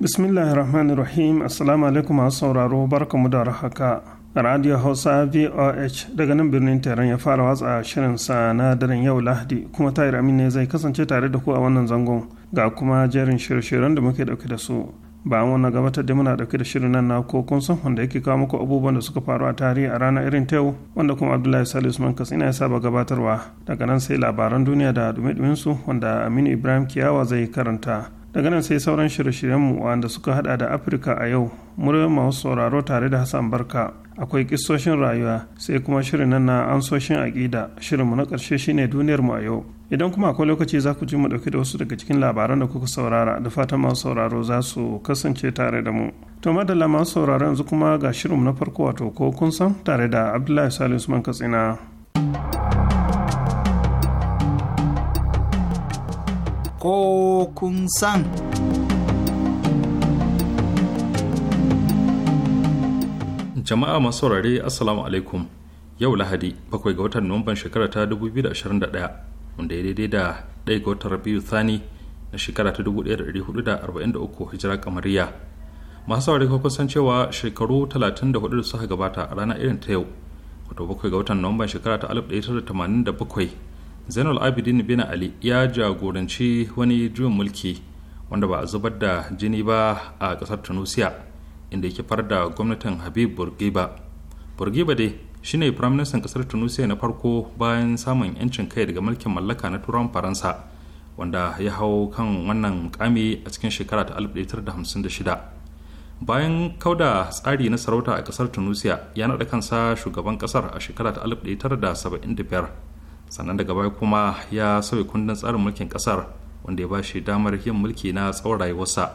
bismillahi rahmanir rahim assalamu alaikum masu sauraro mu da haka radio hausa voh daga nan birnin taron ya fara watsa shirin sa na daren yau lahadi kuma tayar amin ne zai kasance tare da ku a wannan zangon ga kuma jerin shirye-shiryen da muke dauke da su ba wani gabatar da muna dauke da shirin nan na ko kun san wanda yake kawo muku abubuwan da suka faru a tarihi a ranar irin ta yau wanda kuma abdullahi salisu man ina ya saba gabatarwa daga nan sai labaran duniya da dumi su wanda aminu ibrahim kiyawa zai karanta daga nan sai sauran shirye-shiryenmu wanda suka hada da afirka a yau muryar masu sauraro tare da hassan barka akwai kisoshin rayuwa sai kuma shirin nan na ansoshin aƙida shirinmu na ƙarshe shine duniyar mu a yau idan kuma akwai lokaci za ku ji mu ɗauki da wasu daga cikin labaran da kuka saurara da fatan masu sauraro za su kasance tare da mu to madalla masu sauraro yanzu kuma ga shirinmu na farko wato ko kun san tare da abdullahi salisu man katsina. ko kun san. Jama'a masu saurare Assalamu alaikum yau Lahadi bakwai ga watan Nuwamban shekara ta 2021 wanda ya daidai da ɗaya ga watan Rabiu Thani na shekara ta 1443 hijira kamariya. Masu saurare ko kun san cewa shekaru 34 da suka gabata a ranar irin ta yau wato bakwai ga watan Nuwamban shekara ta 1987 zainul abidin bin ali ya jagoranci wani juyin mulki wanda ba a zubar da jini ba a ƙasar tunisia inda yake far da gwamnatin habib burgiba burgiba dai shine firaministan ƙasar tunisia na farko bayan samun 'yancin kai daga mulkin mallaka na turan faransa wanda ya hau kan wannan mukami a cikin shekara ta 1956 bayan kauda tsari na sarauta a kasar tunisia ya naɗa kansa shugaban ƙasar a shekara ta 1975 sannan daga baya kuma ya sauya kundin tsarin mulkin kasar wanda ya ba shi damar yin mulki na tsawon rayuwarsa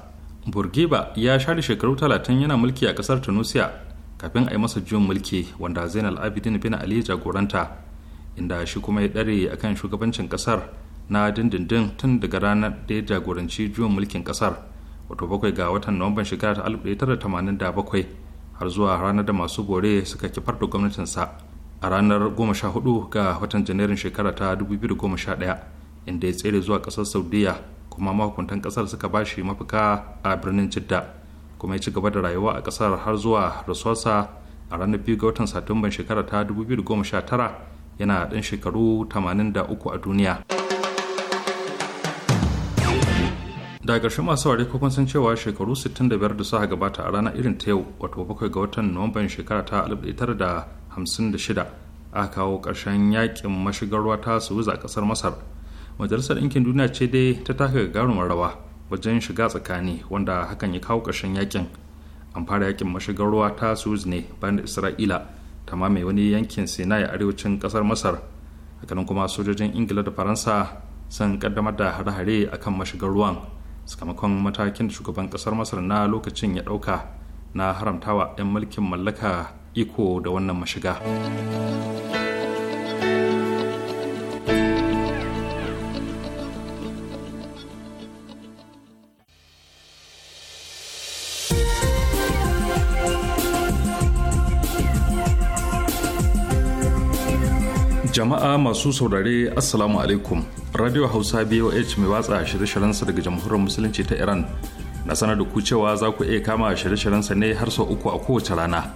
burgiba ya share shekaru talatin yana mulki a kasar tunisia kafin a yi masa juyin mulki wanda zainal abidin bin ali jagoranta inda shi kuma ya dare akan shugabancin kasar na dindindin tun daga ranar da ya jagoranci juyin mulkin kasar wato bakwai ga watan nuwamban shekara ta 1987 har zuwa ranar da masu bore suka kifar da gwamnatinsa a ranar 14 ga watan janairun shekara ta 2011 inda ya tsere zuwa kasar saudiya kuma mahukuntan kasar suka ba shi mafaka a birnin jidda kuma ya ci gaba da rayuwa a kasar har zuwa rasuwarsa a ranar 2 ga watan satumban shekara ta 2019 yana ɗan shekaru 83 a duniya. da ƙarshen masu ware kun san cewa shekaru 65 da suka gabata a ranar irin ta yau wato bakwai ga watan nuwamban shekara ta 1956 a kawo ƙarshen yakin mashigar ruwa ta suwiz a ƙasar masar majalisar ɗinkin duniya ce dai ta taka gagarumar rawa wajen shiga tsakani wanda hakan ya kawo ƙarshen yakin an fara yakin mashigar ruwa ta suwiz ne bayan da isra'ila ta mamaye wani yankin sinai arewacin ƙasar masar hakanan kuma sojojin ingila da faransa sun kaddamar da hare-hare akan mashigar ruwan sakamakon matakin da shugaban ƙasar masar na lokacin ya ɗauka na haramtawa 'yan mulkin mallaka iko da wannan mashiga jama'a masu saurare assalamu alaikum radio hausa boh mai watsa shirye-shiryensa daga jamhuriyar musulunci ta iran na sanar da ku cewa za ku iya kama shirye-shiryensa ne har sau uku a kowace rana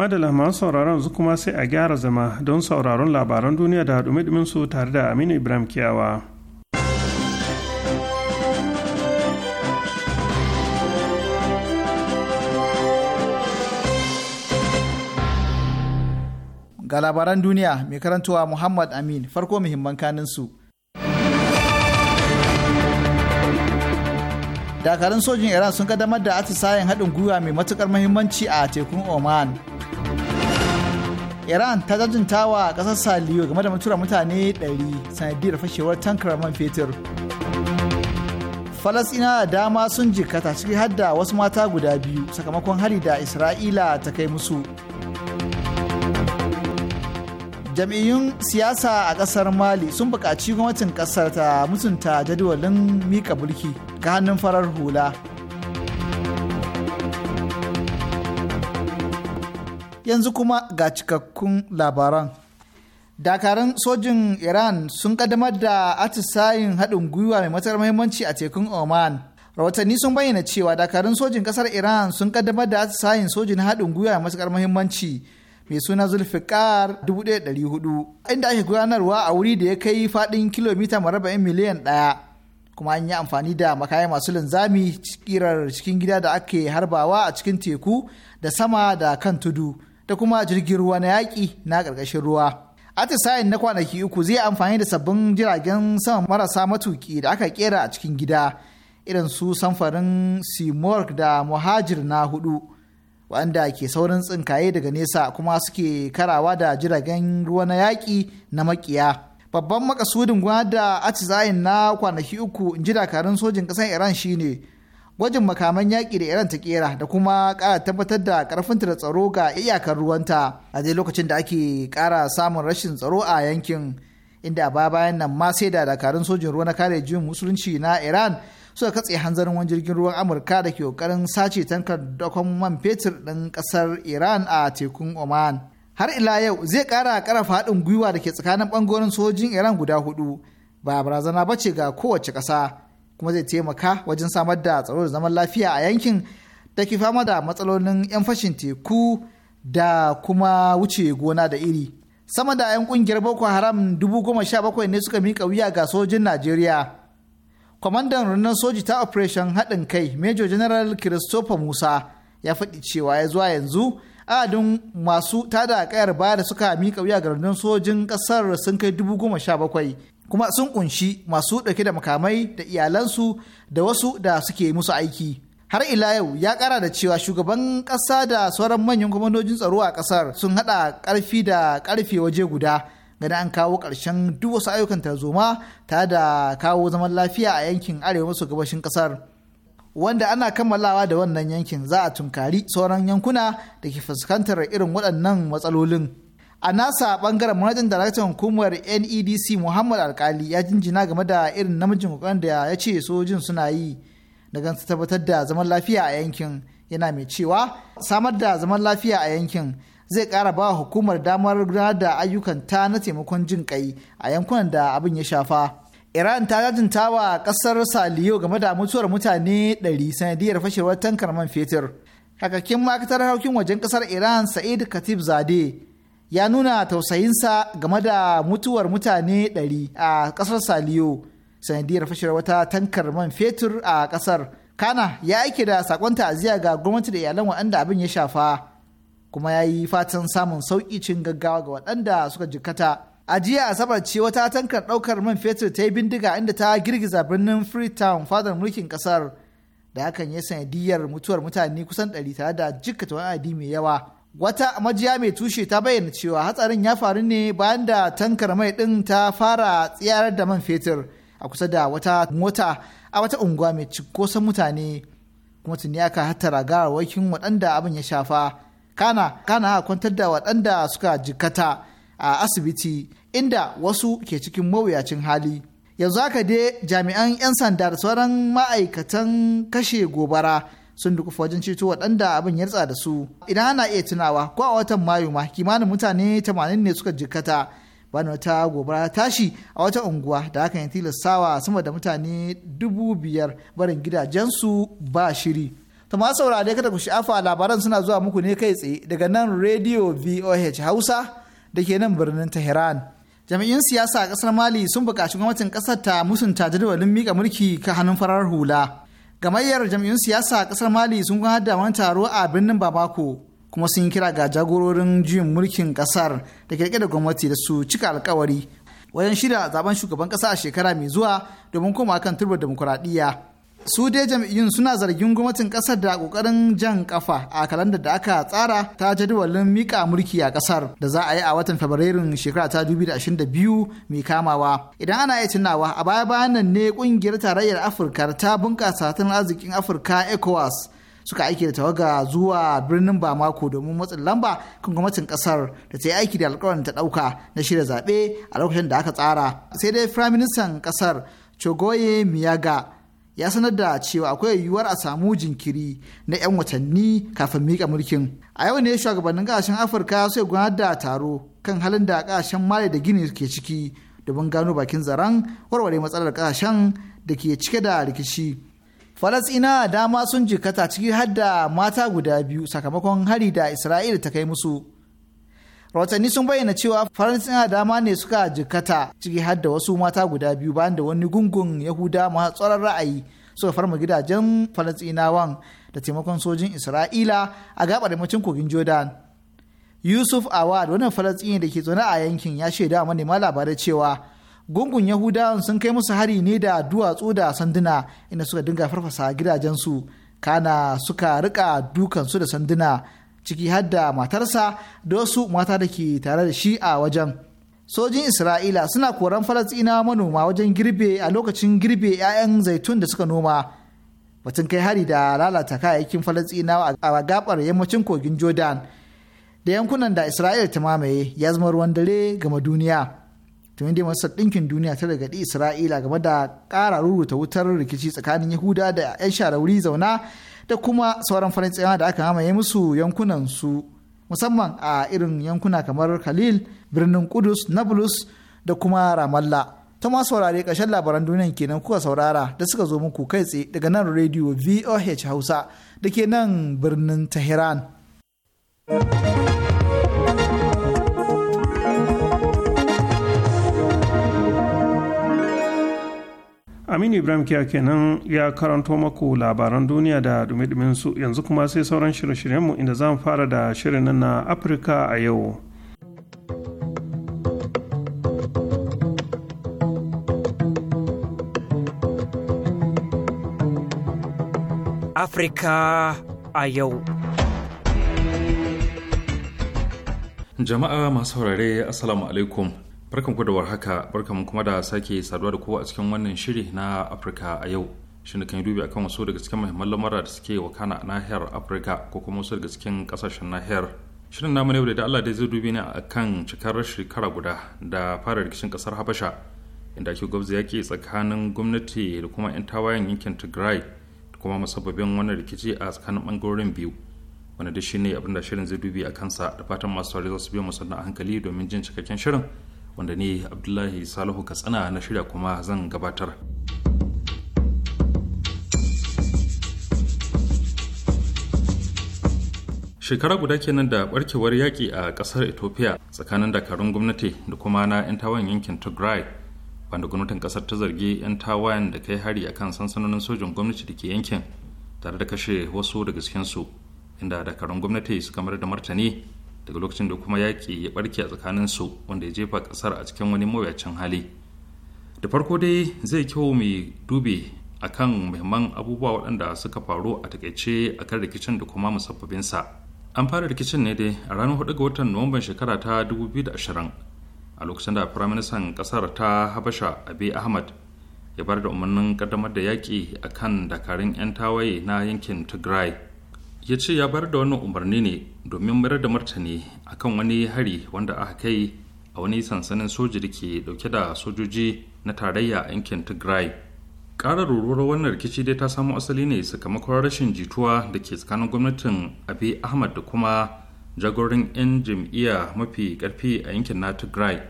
madala masu sauraron su kuma sai a gyara zama don sauraron labaran duniya da haɗumi su tare da aminu ibrahim kiyawa ga labaran duniya mai karantowa muhammad amin farko muhimman kanin dakarun sojin iran sun kaddamar da atisayen haɗin gwiwa mai matukar muhimmanci a tekun oman iran ta jajinta wa kasar saliyo game da mutura mutane 100 sanadiyar fashewar tankar man fetur falasina dama sun jikata ciki hadda wasu mata guda biyu sakamakon hari da isra'ila ta kai musu jam'iyyun siyasa a kasar mali sun buƙaci gwamnatin kasar ta mutunta jadawalin mika mulki ga hannun farar hula yanzu kuma ga cikakkun labaran. Dakarun sojin Iran sun kaddamar da atisayin haɗin gwiwa mai matar muhimmanci a tekun Oman. Rahotanni sun bayyana cewa dakarun sojin ƙasar Iran sun kaddamar da atisayin sojin haɗin gwiwa mai matuƙar muhimmanci mai suna Zulfikar 1400 inda ake gudanarwa a wuri da ya kai faɗin kilomita maraba'in miliyan ɗaya. kuma an yi amfani da makaya masu linzami kirar cikin gida da ake harbawa a cikin teku da sama da kan tudu da kuma jirgin ruwa na yaƙi na ƙarƙashin ruwa. Atisayen na kwanaki uku zai amfani da sabbin jiragen sama marasa matuki da aka ƙera a cikin gida irin su samfarin Seamorg da Muhajir na hudu wanda ke saurin tsinkaye daga nesa kuma suke karawa da jiragen ruwa na yaƙi na makiya. Babban makasudin gwada atisayen na kwanaki uku in ji dakarun sojin ƙasar Iran shine gwajin makaman yaƙi da iran ta kera da kuma ƙara tabbatar da ƙarfinta da tsaro ga iyakar ruwanta a dai lokacin da ake ƙara samun rashin tsaro a yankin inda ba bayan nan ma sai da dakarun sojin ruwa na kare musulunci na iran suka katse hanzarin wani jirgin ruwan amurka da ke ƙoƙarin sace tankar dakon man fetur ɗin ƙasar iran a tekun oman har ila yau zai ƙara karafa haɗin gwiwa da ke tsakanin ɓangaren sojin iran guda hudu ba barazana ba ce ga kowace ƙasa kuma zai taimaka wajen samar da tsaro da zaman lafiya a yankin da ke fama da matsalolin 'yan fashin teku da kuma wuce gona da iri. Sama da 'yan kungiyar Boko Haram dubu goma ne suka mika wuya ga sojin Najeriya. Kwamandan rundunar soji ta Operation haɗin kai Major General Christopher Musa ya faɗi cewa ya zuwa yanzu adadin masu tada kayar baya da suka mika wuya ga rundunar sojin ƙasar sun kai dubu goma kuma sun kunshi masu ɗauke da makamai da iyalansu da wasu da suke musu aiki. Har ila yau ya ƙara da cewa shugaban ƙasa da sauran manyan kwamandojin tsaro a ƙasar sun haɗa ƙarfi da ƙarfe waje guda gani an kawo ƙarshen duk wasu ayyukan tarzoma tare da kawo zaman lafiya a yankin arewa maso gabashin ƙasar. wanda ana kammalawa da wannan yankin za a tunkari sauran yankuna da ke fuskantar irin waɗannan matsalolin. a nasa bangaren manajan daraktan hukumar nedc muhammad alkali ya jinjina game da irin namijin kokarin da ya ce sojin suna yi da gansu tabbatar da zaman lafiya a yankin yana mai cewa samar da zaman lafiya a yankin zai kara ba hukumar damar gudanar da ayyukan ta na taimakon jin kai a yankunan da abin ya shafa iran ta jajinta wa kasar saliyo game da mutuwar mutane 100 sanadiyar fashewar tankar man fetur kakakin ma'aikatar harkokin wajen kasar iran sa'id katib zade ya nuna tausayinsa game da mutuwar mutane 100 a kasar saliyo sanadiyar fashewar wata tankar man fetur a ƙasar kana ya aike da sakon ta'aziyya ga gwamnati da iyalan waɗanda abin ya shafa kuma ya yi fatan samun sauƙi cin gaggawa ga waɗanda suka jikkata a jiya asabar ce wata tankar ɗaukar man fetur ta yi bindiga inda ta girgiza birnin freetown fadar mulkin ƙasar da hakan ya sanadiyar mutuwar mutane kusan ɗari tare da jikkata wani adi mai yawa wata majiya mai tushe ta bayyana cewa hatsarin ya faru ne bayan da tankar mai ɗin ta fara tsiyarar da man fetur a kusa da wata mota a wata unguwa mai cikosan mutane kuma tuni aka hattara gawarwakin waɗanda abin ya shafa kana kana kwantar da waɗanda suka jikkata a asibiti inda wasu ke cikin mawuyacin hali yanzu haka dai jami'an 'yan sanda da sauran ma'aikatan kashe gobara sun duku wajen ceto waɗanda abin ya da su idan ana iya tunawa ko a watan mayu ma kimanin mutane 80 ne suka jikkata bana wata gobara tashi a wata unguwa da hakan ya tilastawa sama da mutane dubu biyar barin gidajensu ba shiri Tama ma saurare kada ku sha'afa labaran suna zuwa muku ne kai tsaye daga nan radio voh hausa da ke nan birnin tehran jami'in siyasa a kasar mali sun buƙaci gwamnatin ƙasar ta musunta jadawalin mika mulki ka hannun farar hula gamayyar jam'iyyun siyasa a kasar mali sun gudanar da wani taro a birnin bamako kuma sun yi kira ga jagororin juyin mulkin kasar da ke da gwamnati da su cika alkawari wajen shirya zaben shugaban kasa a shekara mai zuwa domin koma kan turbar demokuraɗiyya su dai jam'iyyun suna zargin gwamnatin kasar da kokarin jan kafa a kalandar da aka tsara ta jadawalin mika mulki a kasar da za a yi a watan fabrairun shekara ta 2022 mai kamawa idan ana iya tunawa a baya bayan nan ne kungiyar tarayyar afirka ta bunkasa tattalin arzikin afirka ecowas suka aiki da tawaga zuwa birnin bamako domin matsin lamba kan gwamnatin kasar da ta yi aiki da alkawarin ta dauka na shirya zaɓe a lokacin da aka tsara sai dai firaministan kasar chogoye miyaga ya sanar da cewa akwai yiwuwar a samu jinkiri na 'yan watanni kafin mika mulkin a yau ne shugabannin ƙasashen afirka sai gudanar da taro kan halin da kasashen mali da gini ke ciki domin gano bakin zaren warware matsalar ƙasashen da ke cike da rikici falasina dama sun jikata ciki har da mata guda biyu sakamakon hari da isra'ila ta kai musu rahotanni sun bayyana cewa faransa dama ne suka jikata ciki har da wasu mata guda biyu bayan da wani gungun yahuda masu tsoron ra'ayi suka farma gidajen falastinawan da taimakon sojin isra'ila a gaɓar yammacin kogin jordan yusuf awad wannan falastini da ke zaune a yankin ya shaida manema labarai cewa gungun yahudawan sun kai musu hari ne da duwatsu da sanduna inda suka dinga farfasa gidajensu kana suka rika dukansu da sanduna ciki har da matarsa da wasu mata da ke tare da shi a wajen. Sojin Isra'ila suna koran Falasina manoma wajen girbe a lokacin girbe 'ya'yan zaitun da suka noma. Batun kai hari da lalata kayayyakin Falasina a gabar yammacin kogin Jordan da yankunan da Isra'ila ta mamaye ya zama ruwan dare gama duniya. Tuni dai masu ɗinkin duniya ta daga Isra'ila game da ƙara rurruta wutar rikici tsakanin Yahuda da 'yan sharauri zauna da kuma sauran farin tsayawa da aka mamaye musu yankunan su musamman a irin yankuna kamar khalil birnin kudus nablus da kuma ramalla ta ma saurare ƙarshen labaran duniyan kenan kuka saurara da suka zo muku kai tsaye daga nan radio voh hausa da ke nan birnin tehran aminu ibrahim kiya kenan ya karanto maku labaran duniya da dumidumin su yanzu kuma sai sauran shirye-shiryenmu inda zan fara da shirin na afirka a yau afirka a yau jama'a masu haurare assalamu alaikum barkan ku da warhaka barkan mu kuma da sake saduwa da kowa a cikin wannan shiri na afirka a yau ne kan yi dubi akan wasu daga cikin muhimman lamura da suke wakana a nahiyar afirka ko kuma wasu daga cikin kasashen nahiyar shirin namu ne da allah dai zai dubi ne kan cikar shekara guda da fara rikicin kasar habasha inda ake gwabza yaki tsakanin gwamnati da kuma 'yan tawayen yankin tigray da kuma musabbabin wannan rikici a tsakanin bangarorin biyu wanda duk ne abin da shirin zai dubi a kansa da fatan masu sauri za su biyo musamman a hankali domin jin cikakken shirin wanda ni abdullahi salihu katsina na shirya kuma zan gabatar shekara guda kenan da barkewar yaƙi a ƙasar ethiopia tsakanin dakarun gwamnati da kuma na 'yan tawayen yankin tigray wanda gwamnatin ƙasar ta zargi 'yan tawayen da kai hari a kan sansanonin sojin gwamnati da ke yankin tare da kashe wasu daga cikinsu inda dakarun gwamnati suka mayar da martani daga lokacin da kuma yaƙi ya barke a tsakanin su wanda ya jefa ƙasar a cikin wani mawuyacin hali da farko dai zai kyau mai dube kan muhimman abubuwa waɗanda suka faru a takaice akan rikicin da kuma sa. an fara rikicin ne dai a ranar 4 ga watan nuwamban shekara ta 2020 a lokacin da firaministan ƙasar ta habasha abiy ahmad ya bar da umarnin kaddamar da yaƙi a kan dakarun 'yan tawaye na yankin tigray ya ce ya bar da wannan umarni ne domin mayar da martani akan wani hari wanda aka kai a wani sansanin soji da ke dauke da sojoji na tarayya a yankin tigray ƙarar ruruwar wannan rikici dai ta samo asali ne sakamakon rashin jituwa da ke tsakanin gwamnatin abi ahmad da kuma jagorin 'yan jam'iyya mafi karfi a yankin na tigray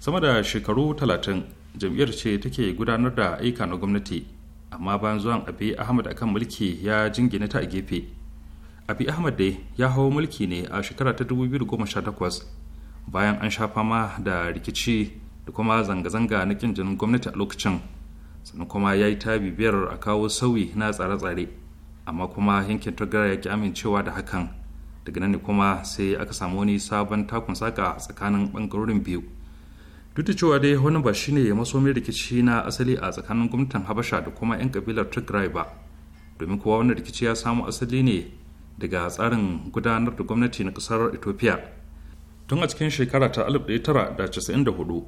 sama da shekaru talatin jam'iyyar ce take gudanar da aika na gwamnati amma bayan zuwan abi ahmad akan mulki ya jingina ta a gefe abi ahmad dai ya hau mulki ne a shekara ta 2018 bayan an sha fama da rikici da kuma zanga-zanga na kin jinin gwamnati a lokacin sannan kuma ya yi ta bibiyar a kawo sauyi na tsare-tsare amma kuma yankin tagara ya ki amincewa da hakan daga nan ne kuma sai aka samu wani sabon takun saka tsakanin bangarorin biyu duk da cewa dai wani ba shine masomin rikici na asali a tsakanin gwamnatin habasha da kuma 'yan kabilar tigray ba domin kowa wani rikici ya samo asali ne daga tsarin gudanar da gwamnati na ƙasar ethiopia tun a cikin shekara ta 1994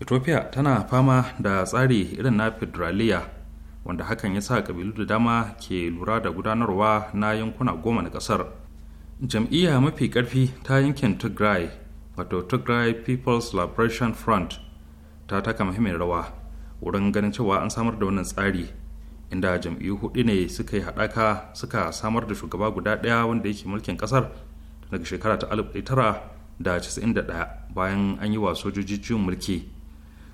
ethiopia tana fama da tsari irin na federaliya wanda hakan ya sa ƙabilu da dama ke lura da gudanarwa na yankuna goma na ƙasar jam'iyya mafi ƙarfi ta yankin tigray wato tigray people's liberation front ta taka muhimmin rawa wurin ganin cewa an samar da wannan tsari inda jam'iyyu hudu ne suka yi haɗaka suka samar da shugaba guda ɗaya wanda yake mulkin ƙasar daga shekara ta alif tara da da casa'in ɗaya bayan an yi wa sojoji ciwon mulki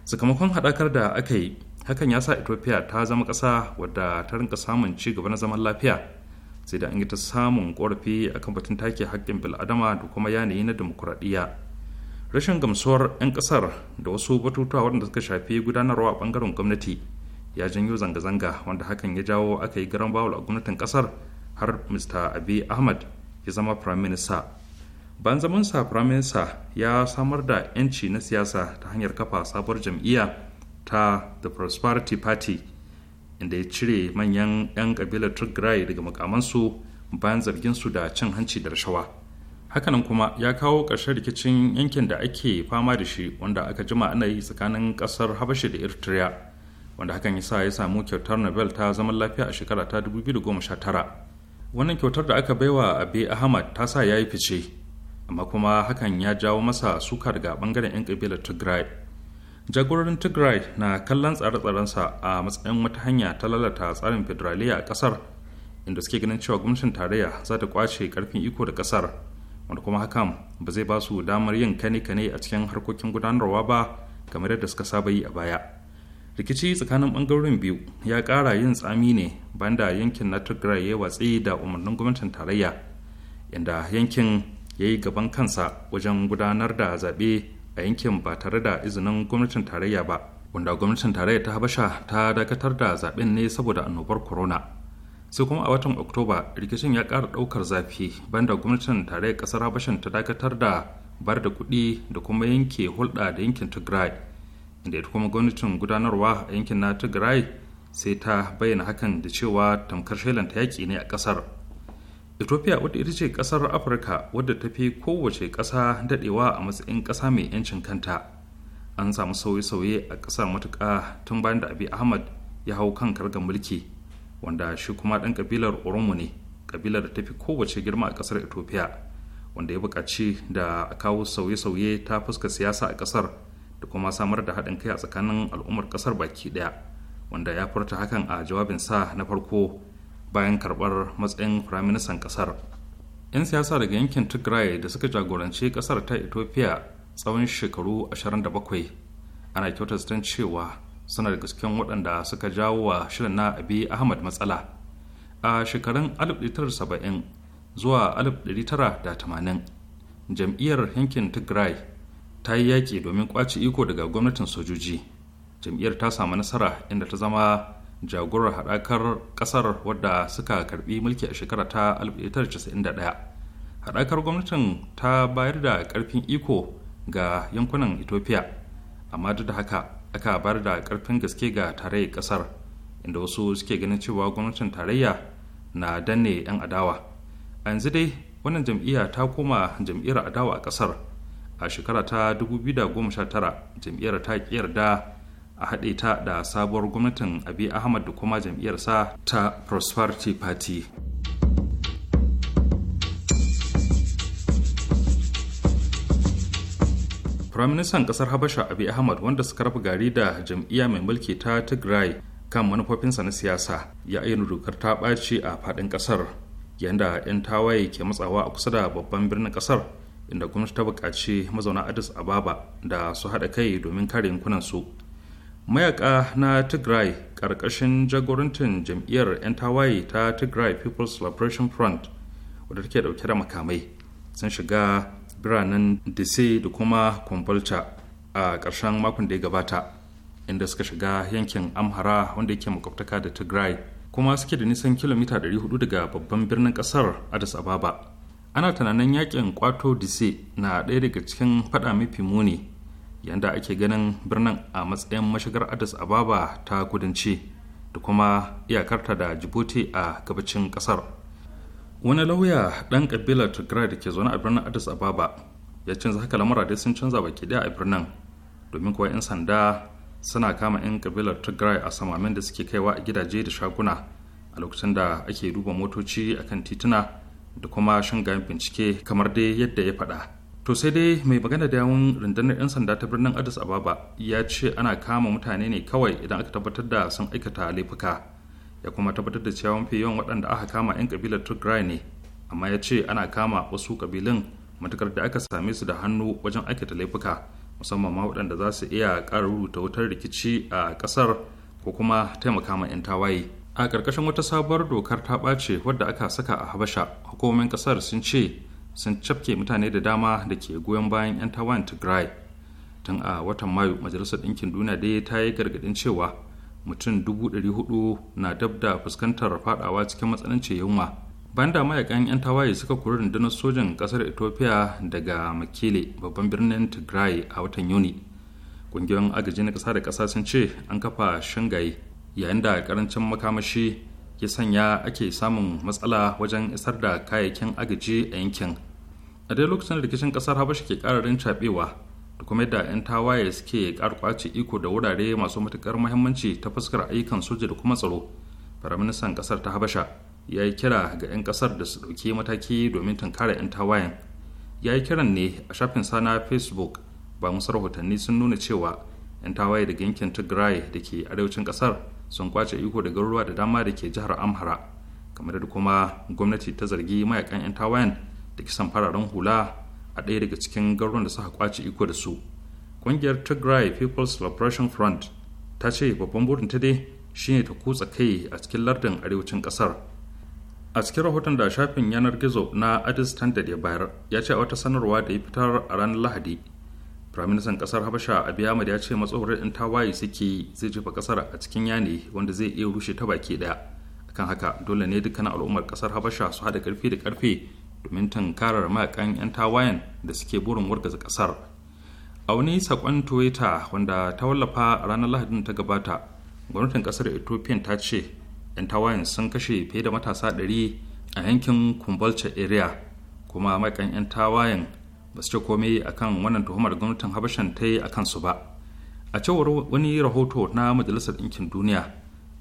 sakamakon haɗakar da aka yi hakan ya sa ethiopia ta zama ƙasa wadda ta rinka samun ci gaba na zaman lafiya sai da an yi ta samun ƙorafi a kan batun take haƙƙin bil'adama da kuma yanayi na dimokuraɗiyya rashin gamsuwar 'yan ƙasar da wasu batutuwa waɗanda suka shafi gudanarwa a ɓangaren gwamnati ya janyo zanga-zanga wanda hakan ya jawo aka yi garan bawul a gwamnatin kasar har mr abi ahmad ya zama prime minister zaman sa prime minister ya samar da 'yanci na siyasa ta hanyar kafa sabuwar jam'iyya ta the prosperity party inda ya cire manyan 'yan kabilar tigray daga makamansu bayan zargin su da cin hanci da rashawa hakanan kuma ya kawo ƙarshen rikicin yankin da ake fama da shi wanda aka jima ana yi tsakanin ƙasar habashi da eritrea wanda hakan ya sa ya samu kyautar nobel ta zama lafiya a shekara ta 2019 wannan kyautar da aka baiwa abe ahmad ta sa ya yi fice amma kuma hakan ya jawo masa suka daga bangaren 'yan kabilar tigray jagororin tigray na kallon tsare-tsarensa a matsayin wata hanya ta lalata tsarin federaliya a kasar inda suke ganin cewa gwamnatin tarayya za ta kwace karfin iko da kasar wanda kuma hakan ba zai ba su damar yin kane-kane a cikin harkokin gudanarwa ba kamar yadda suka saba yi a baya rikici tsakanin bangarorin biyu ya kara yin tsami ne banda yankin na tigray ya watsi da umarnin gwamnatin tarayya inda yankin ya yi gaban kansa wajen gudanar da zaɓe a yankin ba tare da izinin gwamnatin tarayya ba wanda gwamnatin tarayya ta habasha ta dakatar da zaɓen ne saboda annobar corona sai kuma a watan oktoba rikicin ya ƙara ɗaukar zafi banda gwamnatin tarayya ƙasar habashan ta dakatar da bar da kuɗi da kuma yanke hulɗa da yankin tigray da ita kuma gwamnatin gudanarwa a yankin na tigray sai ta bayyana hakan da cewa tamkar ta yaƙi ne a ƙasar ethiopia wadda ita ce ƙasar afirka wadda ta fi kowace ƙasa daɗewa a matsayin ƙasa mai 'yancin kanta an samu sauye-sauye a ƙasar matuƙa tun bayan da abi ahmad ya hau kan kargar mulki wanda shi kuma ɗan ƙabilar oromo ne ƙabilar da ta fi kowace girma a ƙasar ethiopia wanda ya buƙaci da a kawo sauye-sauye ta fuska siyasa a ƙasar da kuma samar da haɗin kai a tsakanin al'ummar ƙasar baki ɗaya wanda ya furta hakan a jawabin sa na farko bayan karɓar matsayin firaministan ƙasar 'yan siyasa daga yankin tigray da suka jagoranci ƙasar ta ethiopia tsawon shekaru 27 ana kyautata cewa suna da gasken waɗanda suka jawo wa shirin na abi ahmad matsala a shekarun 1970 zuwa 1980 jam'iyyar yankin tigray ta yi yaƙi domin ƙwace iko daga gwamnatin sojoji jam'iyyar ta samu nasara inda ta zama jagorar haɗakar ƙasar wadda suka karɓi mulki a shekara ta 1991 haɗakar gwamnatin ta bayar da ƙarfin iko ga yankunan ethiopia amma duk da haka aka bayar da ƙarfin gaske ga tarayyar ƙasar inda wasu suke ganin cewa gwamnatin tarayya na danne 'yan adawa a yanzu dai wannan jam'iyya ta koma jam'iyyar adawa a ƙasar a shekara ta 2019 jam'iyyar ta yarda a haɗe ta da sabuwar gwamnatin abi ahmad da kuma jam'iyyarsa ta prosperity party firaministan ƙasar habasha abi ahmad wanda suka rafa gari da jam'iyya mai mulki ta tigray kan manufofinsa na siyasa ya ayyana dokar ta ɓaci a faɗin ƙasar yadda 'yan tawaye ke matsawa a kusa da babban birnin ƙasar inda gwamnati ta buƙaci mazauna addis ababa da su haɗa kai domin kare yankunansu mayaka na tigray ƙarƙashin jagorantar jam'iyyar 'yan tawaye ta tigray people's liberation front wadda take ɗauke da makamai sun shiga biranen dise da kuma kumbulta a ƙarshen makon da ya gabata inda suka shiga yankin amhara wanda yake makwabtaka da tigray kuma suke da nisan kilomita 400 daga babban birnin ƙasar addis ababa ana tunanin yakin kwato dise na ɗaya daga cikin fada mafi muni yadda ake ganin birnin a matsayin mashigar addis ababa ta kudanci da kuma iyakarta da jibuti a gabacin ƙasar wani lauya ɗan ƙabilar tigray da ke zaune a birnin addis ababa ya canza haka lamura dai sun canza baki ɗaya a birnin domin kuwa 'yan sanda suna kama 'yan ƙabilar tigray a samamin da suke kaiwa a gidaje da shaguna a lokacin da ake duba motoci akan tituna da kuma shingan bincike kamar dai yadda ya faɗa to sai dai mai magana da yawun rundunar 'yan sanda ta birnin addis ababa ya ce ana kama mutane ne kawai idan aka tabbatar da sun aikata laifuka ya kuma tabbatar da cewa mafi yawan waɗanda aka kama 'yan kabilar tigray ne amma ya ce ana kama wasu kabilun matukar da aka same su da hannu wajen aikata laifuka musamman ma waɗanda za su iya ƙara rubuta wutar rikici a ƙasar ko kuma taimaka ma 'yan tawaye a ƙarƙashin wata sabuwar dokar ta ɓace wadda aka saka a habasha hukumomin ƙasar sun ce sun cafke mutane da dama da ke goyon bayan 'yan tawan tigray tun a watan mayu majalisar ɗinkin duniya dai ta yi gargaɗin cewa mutum hudu na dab da fuskantar faɗawa cikin matsanancin yunwa bayan da mayakan 'yan tawaye suka kori rundunar sojan ƙasar ethiopia daga makile babban birnin tigray a watan yuni ƙungiyoyin agaji na ƙasa da ƙasa sun ce an kafa shingaye yayin da karancin makamashi ya sanya ake samun matsala wajen isar da kayayyakin agaji a yankin a dai lokacin rikicin kasar habasha ke kararin cabewa da kuma yadda 'yan tawaye suke karkwace iko da wurare masu matukar muhimmanci ta fuskar ayyukan soja da kuma tsaro firaministan kasar ta habasha ya yi kira ga 'yan kasar da su dauki mataki domin tunkara 'yan tawayen ya yi kiran ne a shafin sana facebook ba musu rahotanni sun nuna cewa 'yan tawaye daga yankin tigray da ke arewacin kasar sun kwace iko da garuruwa da dama da ke jihar amhara kamar da kuma gwamnati ta zargi mayakan 'yan tawayan da kisan fararen hula a ɗaya daga cikin garuruwan da suka kwace iko da su ƙungiyar tigray people's liberation front ta ce babban burin ta dai shine ta kutsa kai a cikin lardin arewacin Kasar. a cikin rahoton da shafin yanar gizo na addis standard ya bayar ya ce a wata sanarwa da ya fitar a ranar lahadi firaministan kasar habasha abiy ahmed ya ce matsorin yan tawaye suke zai jefa kasar a cikin yane wanda zai iya rushe ta baki ɗaya akan haka dole ne dukkan al'ummar kasar habasha su hada karfi da karfe domin tankarar mayakan yan tawayen da suke burin wargaza kasar a wani sakon toyota wanda ta wallafa ranar lahadin ta gabata gwamnatin ƙasar ethiopian ta ce yan tawayen sun kashe fiye da matasa 100 a yankin kumbalcha area kuma mayakan yan tawayen ba su ce komai akan wannan tuhumar gwamnatin habashan ta yi a kansu ba a cewar wani rahoto na majalisar ɗinkin duniya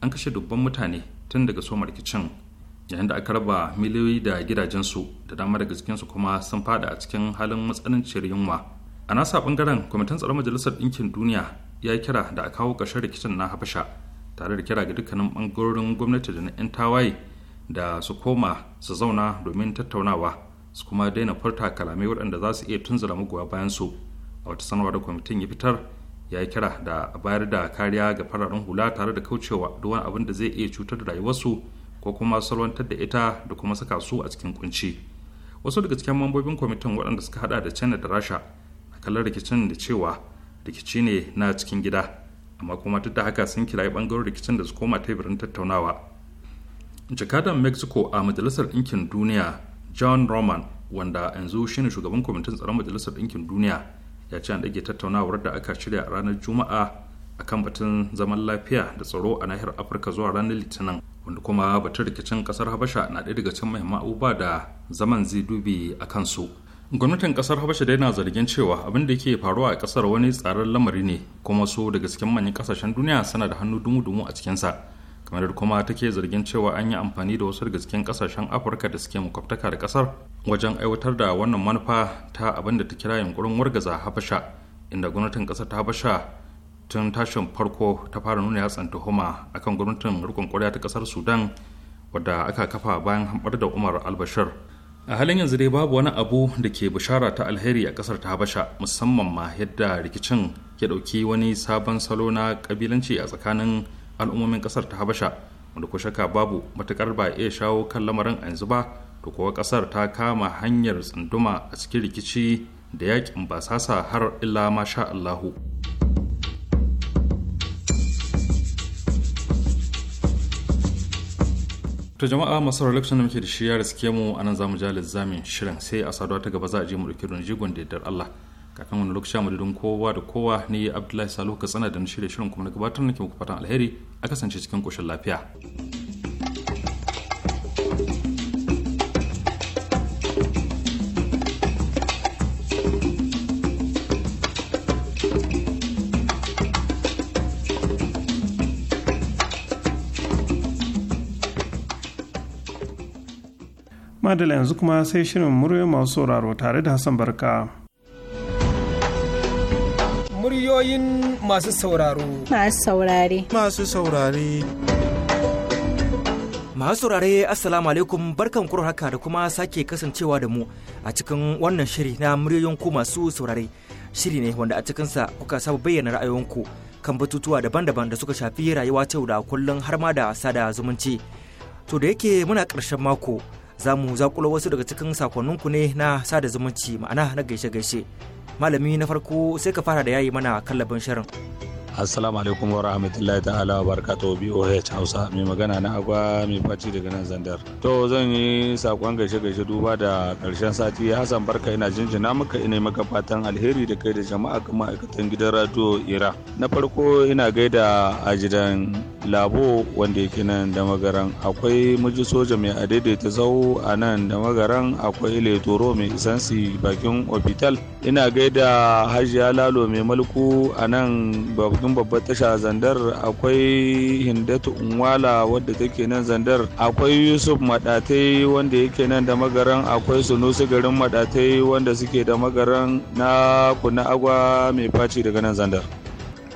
an kashe dubban mutane tun daga somar rikicin yayin da aka raba miliyoyi da gidajensu da dama daga cikinsu kuma sun fada a cikin halin matsananciyar yunwa a nasa bangaren kwamitin tsaron majalisar ɗinkin duniya ya kira da a kawo ƙarshen rikicin na habasha tare da kira ga dukkanin bangarorin gwamnati da na 'yan tawaye da su koma su zauna domin tattaunawa su kuma daina furta kalamai waɗanda za su iya tunzura magoya bayan su a wata sanarwa da kwamitin ya fitar ya yi kira da bayar da kariya ga fararen hula tare da kaucewa duk wani abin da zai iya cutar da rayuwarsu ko kuma salwantar da ita da kuma saka su a cikin kunci wasu daga cikin mambobin kwamitin waɗanda suka hada da china da rasha a kallon rikicin da cewa rikici ne na cikin gida amma kuma duk da haka sun kirayi bangarorin rikicin da su koma teburin tattaunawa jakadan mexico a majalisar ɗinkin duniya john roman wanda yanzu shine shugaban kwamitin tsaron majalisar ɗinkin duniya ya ce an ɗage tattaunawar da aka shirya a ranar juma'a akan batun zaman lafiya da tsaro a nahiyar afirka zuwa ranar litinin wanda kuma batun rikicin kasar habasha na ɗaya daga cikin mahimman abubuwa da zaman zai dubi a kansu gwamnatin kasar habasha dai na zargin cewa abin da yake faruwa a kasar wani tsaron lamari ne kuma su daga cikin manyan kasashen duniya suna da hannu dumu-dumu a cikinsa kamar kuma take zargin cewa an yi amfani da wasu daga cikin kasashen afirka da suke makwabtaka da kasar wajen aiwatar da wannan manufa ta abin da ta kira yunkurin wargaza habasha inda gwamnatin kasar ta habasha tun tashin farko ta fara nuna yatsan tuhuma akan gwamnatin rikon kwarya ta kasar sudan wadda aka kafa bayan hamɓar da umar albashir a halin yanzu dai babu wani abu da ke bishara ta alheri a kasar ta habasha musamman ma yadda rikicin ya ɗauki wani sabon salo na kabilanci a tsakanin al'ummomin kasar ta habasha wanda ko shaka babu matukar ba iya shawo kan lamarin a yanzu ba to kuwa kasar ta kama hanyar tsunduma a cikin rikici da yakin basasa har illa masha allahu to jama'a masu muke da muke da shi ya riske mu anan zamu ja lizamin shirin sai a saduwa ta gaba za a je mu dauki runjigon da Allah kakan wani lokaci madadin kowa da kowa ne abdullahi salo ka tsana da shirye shirin kuma na gabatar nake muku fatan alheri a kasance cikin koshin lafiya madala yanzu kuma sai shirin murya masu sauraro tare da hassan barka Muryoyin masu sauraro. Masu saurare. Masu saurare. Masu saurare Assalamu alaikum barkan kuro haka da kuma sake kasancewa da mu a cikin wannan shiri na muryoyin ku masu saurare. Shiri ne wanda a cikinsa kuka saba bayyana ra'ayoyinku kan batutuwa daban-daban da suka shafi rayuwa ta da kullum har ma da sada zumunci. To da yake muna ƙarshen mako za mu zakulo wasu daga cikin sakonninku ne na sada zumunci ma'ana na gaishe-gaishe malami na farko sai ka fara da yayi mana kallabin shirin assalamu alaikum wa rahmatullahi ta'ala wa barakatuhu BOH Hausa mai magana na agwa mai faci daga nan zandar to zan yi sakon gaishe gaishe duba da karshen sati Hassan barka ina jinjina maka ina maka fatan alheri da kai da jama'a kuma aikatan gidan radio Ira na farko ina gaida a gidan labo wanda yake nan da magaran akwai muji soja mai adaidaita zau a nan da magaran akwai letoro mai isansi bakin ofital ina gaida hajiya lalo mai malku a nan cikin babbar tasha zandar akwai hindatu unwala wadda take nan zandar akwai yusuf madatai wanda yake nan da magaran akwai sunusu garin madatai wanda suke da magaran na kuna agwa mai faci daga nan zandar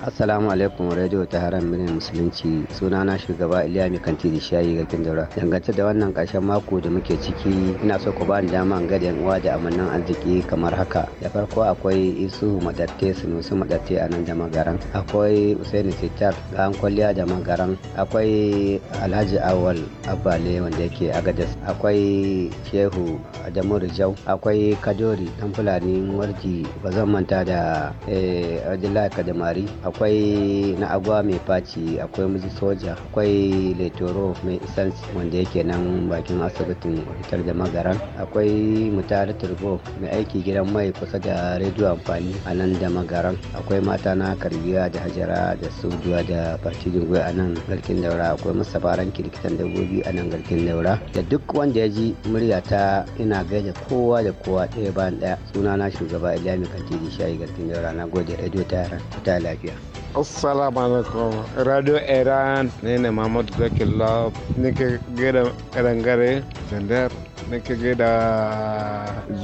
assalamu alaikum radio ta haram minin musulunci sunana shugaba iliya mai kanti da shayi ga kindura dangance da wannan karshen mako da muke ciki ina so ku bani dama an gada uwa da amannan arziki kamar haka da farko akwai isu madatte sunusu madatte a nan da magaran akwai usaini sitar ga kwalliya da magaran akwai alhaji awal abale wanda yake agadas akwai shehu adamu rijau akwai kadori dan fulani wardi ba manta da eh, abdullahi kadamari akwai na agwa mai faci akwai miji soja akwai letoro mai isansi wanda yake nan bakin asibitin fitar da magaran akwai mutare turbo mai aiki gidan mai kusa da rediyo amfani a nan da magaran akwai mata na karbiya da hajara da suduwa da fatidin gwai a nan garkin daura akwai baran kirkitan dabbobi a nan garkin daura da duk wanda ya ji murya ta ina gaida kowa da kowa ɗaya bayan ɗaya suna na shugaba ilyami kantiri shayi garkin daura na gode rediyo ta yaran ta lafiya assalamu alaikum radio iran ne ne mahmud zakilov nake gida rangare zandar nake gida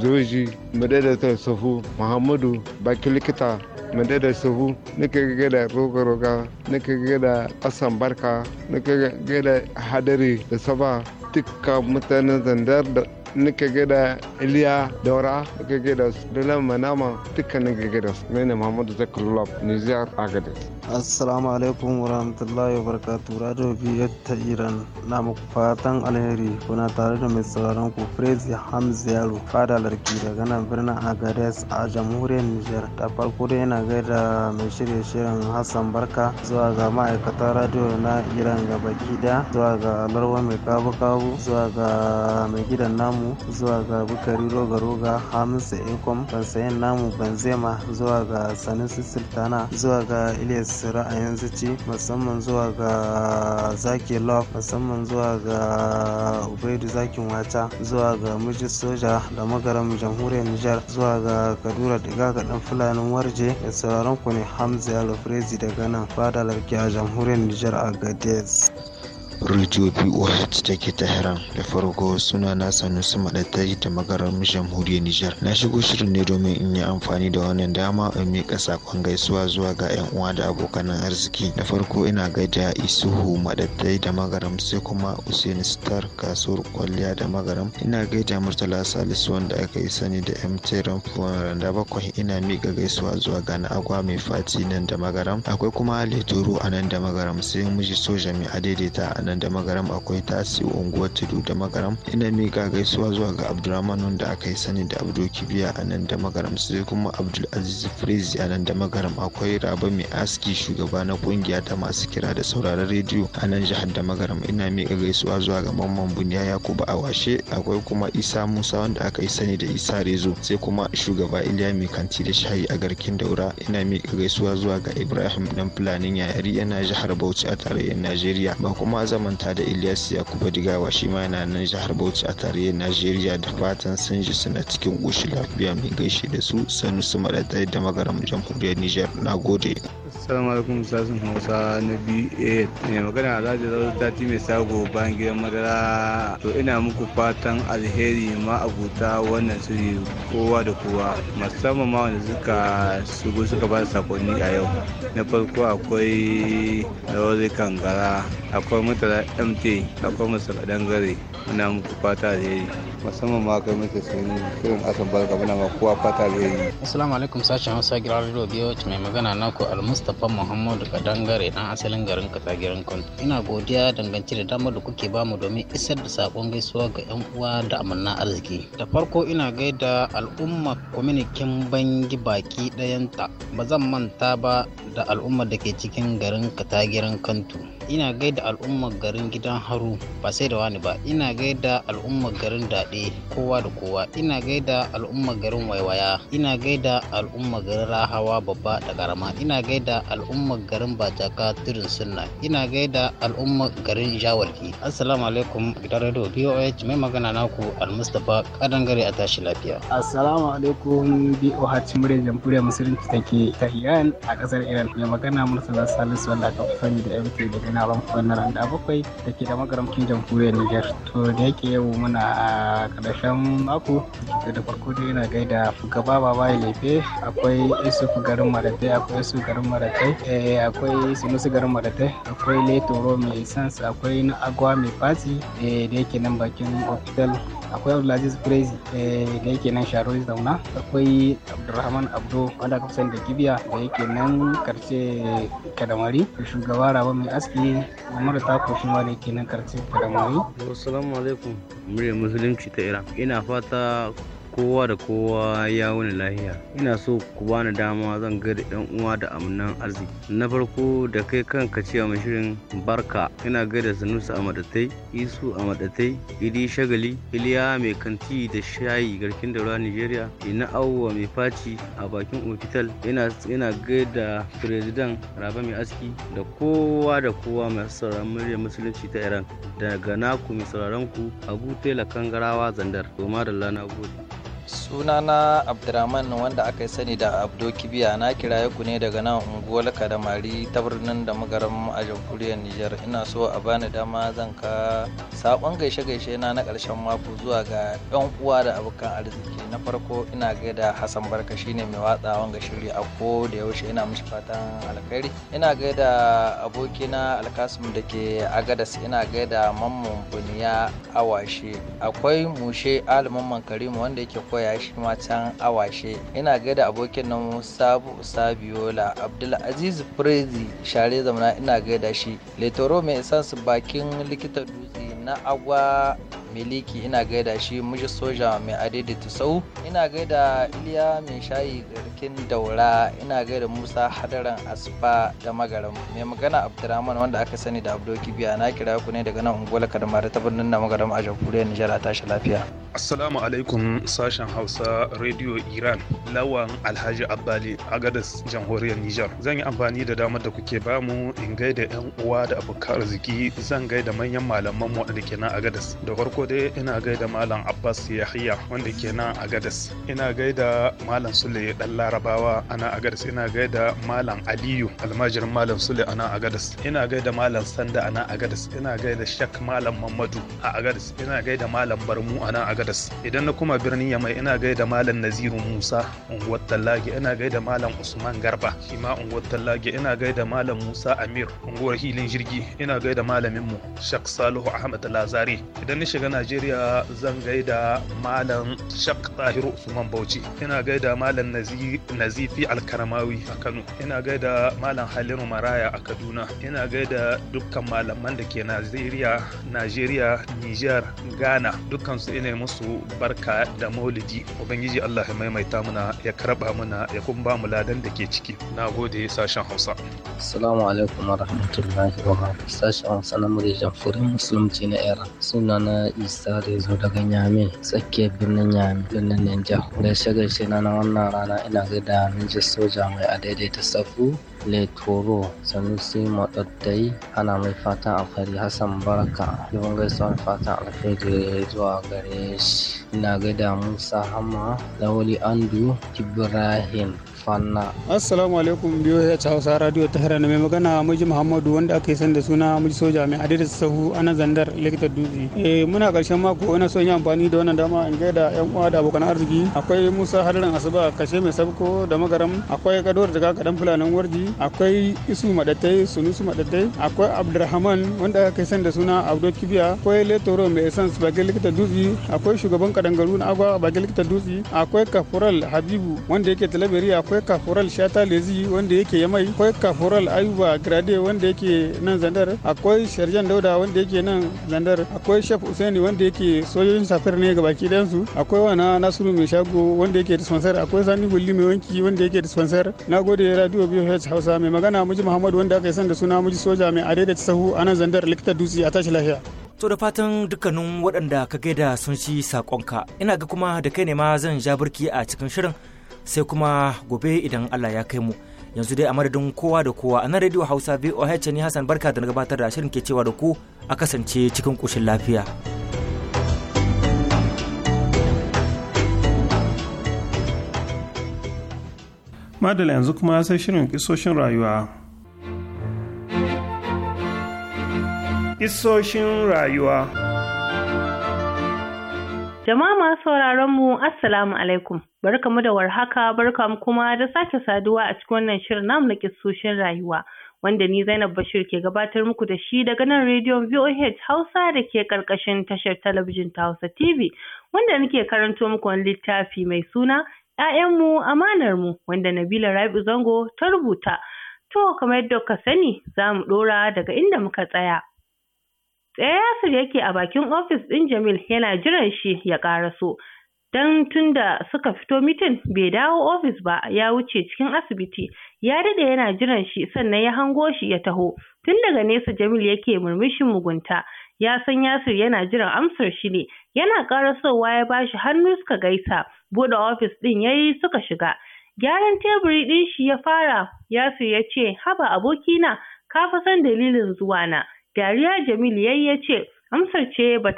zoji madadata sahu muhammadu baki likita madadar suhu nake gida roga-roga nake gida asan barka nake gida hadari da saba duka mutanen zandar da nika gida iliya daura nika gida su dole manama dukkanin nika gaida su ne muhammadu a nijar agadez assalamu alaikum warahmatullahi wabarakatuh radio biyar ta iran na muku fatan alheri kuna tare da mai sauraron ku crazy hamza fada larki daga nan birnin agades a jamhuriyar Nijar da farko da yana gaida mai shirye shirin hassan barka zuwa ga ma'aikatan radio na iran ga baki da zuwa ga larwa mai kabu kabu zuwa ga mai gidan namu zuwa ga bukari roga roga hamza ekom bansayin namu banzema zuwa ga sanusi sultana zuwa ga ilyas su a yanzu ce musamman zuwa ga zaki love musamman zuwa ga ubaidu zakin wata zuwa ga mijin soja da magaram jamhuriyar nijar zuwa ga kadura diga ga dan fulanin warje da sauraron ku ne hamza yalo daga nan fadalar a jamhuriyar nijar a gades radio boh take tehran da farko suna na sanusi maɗattari da magaran jamhuriyar nijar na shigo shirin ne domin in yi amfani da wannan dama in miƙa saƙon gaisuwa zuwa ga yan uwa da abokan arziki da farko ina gaida isuhu maɗattari da magaram sai kuma usaini star kasuwar kwalliya da magaram ina gaida murtala salisu wanda aka yi sani da mt ramfuwan randa bakwai ina miƙa gaisuwa zuwa ga na agwa mai fati nan da magaram akwai kuma leturu a nan da magaram sai miji soja mai adaidaita a nan da magaram akwai tasi unguwar tudu da magaram ina miƙa gaisuwa zuwa ga abdulrahman wanda aka yi sani da abdul kibiya a da magaram sai kuma abdul aziz frezi a da magaram akwai raba mai aski shugaba na kungiya ta masu kira da sauraron rediyo a nan jihar da magaram ina miƙa gaisuwa zuwa ga mamman buniya yakubu awashe akwai kuma isa musa wanda aka yi sani da isa rezo sai kuma shugaba iliya mai kanti da shayi a garkin daura ina miƙa gaisuwa zuwa ga ibrahim dan fulanin yayari yana jihar bauchi a tarayyar najeriya ba kuma zan manta da Ilyas Yakubu Digawa shi ma yana nan jihar Bauchi a tarayyar Najeriya da fatan sun ji suna cikin ƙoshin lafiya mai gaishe da su sanu su maɗaɗa da magaram jamhuriyar Nijar. Na gode. Assalamu alaikum sasin Hausa na BA mai magana Alhaji Rawar Tati mai sago bayan gidan madara to ina muku fatan alheri ma abuta wannan shiri kowa da kowa musamman ma wanda suka shigo suka ba sakonni a yau na farko akwai rawar kangara akwai mutane Murtala MT akwai musu dangare muna muku fata da yayi musamman ma kai musu sun kirin asan barka muna ma kowa fata da yayi Assalamu alaikum sashen Hausa gidan Radio BOH mai magana naku Al-Mustapha Muhammadu Kadangare dan asalin garin Katagirin kun Ina godiya dangance da damar da kuke bamu domin isar da sakon gaisuwa ga 'yan uwa da amanna arziki. Da farko ina gaida al'umma kwaminikin bangi baki ɗayanta ba zan manta ba da al'ummar da ke cikin garin Katagirin Kantu. Ina gaida al'ummar garin gidan haru ba sai da wani ba ina gaida al'ummar garin daɗe kowa da kowa ina gaida al'ummar garin waiwaya ina gaida al'ummar garin rahawa babba da karama ina gaida al'ummar garin bajaka turin sunna ina gaida al'ummar garin jawarki assalamu alaikum gidan radio boh mai magana naku almustapha gari a tashi lafiya assalamu alaikum boh murya jamhuriyar musulunci take ta iran a ƙasar iran mai magana murtala salisu wanda aka sani da mt daga gina ramfuwan na abu bakwai da ke da magaramcin jamhuriyar niger To da yake yau muna a ƙarshen mako da farko dai yana gaida fugaba baba ya lefe akwai isu garin maratai akwai isu eh, garin maratai akwai sinusu garin maratai akwai leto mai sans akwai na agwa mai fasi eh, da yake nan bakin hospital akwai abdulaziz crazy eh, da yake nan sharori zauna akwai abdulrahman abdo wanda aka da gibiya da yake nan karce kadamari shugaba rabo mai aski da mara tako shi ma da yake nan karce kadamari assalamu alaikum muryar musulunci ta iran ina fata kowa da kowa ya wuni lahiya ina so ku bani dama zan gaida yan uwa da amnan arziki na farko da kai kanka cewa mai shirin barka ina gaida sanusi a madatai isu a madatai idi shagali iliya mai kanti da shayi garkin daura nigeria ina awwa mai faci a bakin ofital ina gaida firezidan raba mai aski da kowa da kowa mai sauraron muryar musulunci ta iran daga naku mai sauraron ku abu kangarawa zandar to da lana gode sunana abdurrahman wanda aka sani da abdo kibiya na kiraye ku ne daga nan unguwar kadamari ta birnin da magaram a jamhuriyar nijar ina so a bani dama zan ka sakon gaishe gaishe na na karshen mako zuwa ga yan uwa da abokan arziki na farko ina gaida hassan barka shine mai watsawan ga shiri a ko da yaushe ina mishi fatan alkhairi ina gaida abokina alkasim da ke agadas ina gaida mamman buniya awashe akwai mushe alimin karimu wanda yake kwaya shi ma can awashe ina gaida abokin nan sabu sabiola abdulaziz prezi share zamana ina gaida shi letoro mai isansu bakin likita dutse na agwa miliki ina gaida shi muji soja mai adaidaita sau ina gaida iliya mai shayi garkin daura ina gaida musa hadaran asfa da magaram mai magana abdurrahman wanda aka sani da abdoki biya na kira ku ne daga nan unguwar kadamar ta birnin na magaram a jamhuriyar nijar a tashi lafiya assalamu alaikum sashen hausa radio iran lawan alhaji abbali agadas jamhuriyar nijar zan yi amfani da damar da kuke bamu in gaida yan uwa da abokan arziki zan gaida manyan malaman mu da ke nan agadas da farko farko dai ina gaida malam abbas Yahiya wanda ke nan a gadas ina gaida malam sule dan larabawa ana a gadas ina gaida malam aliyu almajirin malam sule ana a gadas ina gaida malam sanda ana a gadas ina gaida shak malam mamadu a Gadas. ina gaida malam barmu ana a gadas idan na kuma birnin yamai ina gaida malam naziru musa unguwar tallage ina gaida malam usman garba shi ma unguwar tallage ina gaida malam musa amir unguwar hilin jirgi ina gaida malamin mu shak salihu ahmad lazari idan ni shiga najeriya zan gaida malam shak tahiru usman bauchi ina gaida malam nazifi Alkaramawi a kano ina gaida malam halilu maraya a kaduna ina gaida dukkan malaman da ke najeriya najeriya niger ghana dukkan su ina musu barka da maulidi ubangiji allah ya maimaita muna ya karba muna ya kuma ba mu ladan da ke ciki na gode sashen hausa assalamu alaikum wa rahmatullahi wa barakatuh sashen hausa na Murejan Furin musulunci na iran Sunana Isa da ya zo daga Nyame tsakiyar birnin Nyame birnin Nijar. Gaishe gaishe na wannan rana ina gaida Ninja Soja mai adaidaita safu le toro sanusi maɗaɗai ana mai fatan alkhairi hassan barka yawan gaisuwan fatan alkhairi zuwa gare shi ina gaida musa hama lawali andu ibrahim fanna assalamu alaikum biyo ya ci hausa radio ta hera mai magana miji muhammadu wanda aka yi da suna miji soja mai Adidas, sahu ana zandar likitar dutse eh muna karshen mako ina son yi amfani da wannan dama in gaida yan uwa da abokan arziki akwai musa hadarin asuba kashe mai sabko da magaram akwai da daga kadan fulanin warji akwai isu madatai sunusu madatai akwai abdurrahman wanda aka san da suna abdo kibiya akwai letoro mai essence bakin likita dutse akwai shugaban kadangaru na agwa bakin likita dutse akwai kafural habibu wanda yake talabiri akwai kafural shata lezi wanda yake yamai akwai kafural ayuba grade wanda yake nan zandar akwai sharjan dauda wanda yake nan zandar akwai shef usaini wanda yake sojojin safir ne gabaki su akwai wana nasiru mai shago wanda yake dispensar akwai sani bulli mai wanki wanda yake dispensar na gode radio bhs hausa matasa mai magana muji Muhammadu wanda aka yi san da suna muji soja mai adai da sahu a nan zandar likita dutse a tashi lahiya. To da fatan dukkanin waɗanda ka gaida sun ci saƙonka ina ga kuma da kai ne ma zan ja birki a cikin shirin sai kuma gobe idan Allah ya kai mu. yanzu dai a madadin kowa da kowa a nan radio hausa voh ne hassan barka da gabatar da shirin ke cewa da ku a kasance cikin ƙoshin lafiya. madala yanzu kuma sai shirin kisoshin rayuwa isoshin rayuwa jama'a masu sauraron mu assalamu alaikum barka barkamu da warhaka mu kuma da sake saduwa a cikin wannan shirin namu na kisoshin rayuwa wanda ni Zainab Bashir ke gabatar muku da shi daga nan rediyon VOH Hausa da ke karkashin tashar talabijin ta Hausa TV wanda nake karanto muku wani littafi mai suna 'ya'yanmu amanarmu wanda Nabila Rabi Zango ta rubuta. To kamar yadda ka sani za mu ɗora daga inda muka tsaya. Tsaya Yasir yake a bakin ofis ɗin Jamil yana jiran shi ya ƙaraso. Dan tunda suka fito mitin bai dawo ofis ba ya wuce cikin asibiti ya daɗe yana jiran shi sannan ya hango shi ya taho tun daga nesa Jamil yake murmushin mugunta ya san Yasir yana jiran amsar shi ne yana ƙarasowa ya bashi hannu suka gaisa Bude ofis ɗin ya yi suka shiga. Gyaran teburi din shi ya fara, Yasir ya ce, haba abokina, ka fa san dalilin zuwa na. Dariya Jamil yayi ya ce, amsar ce ba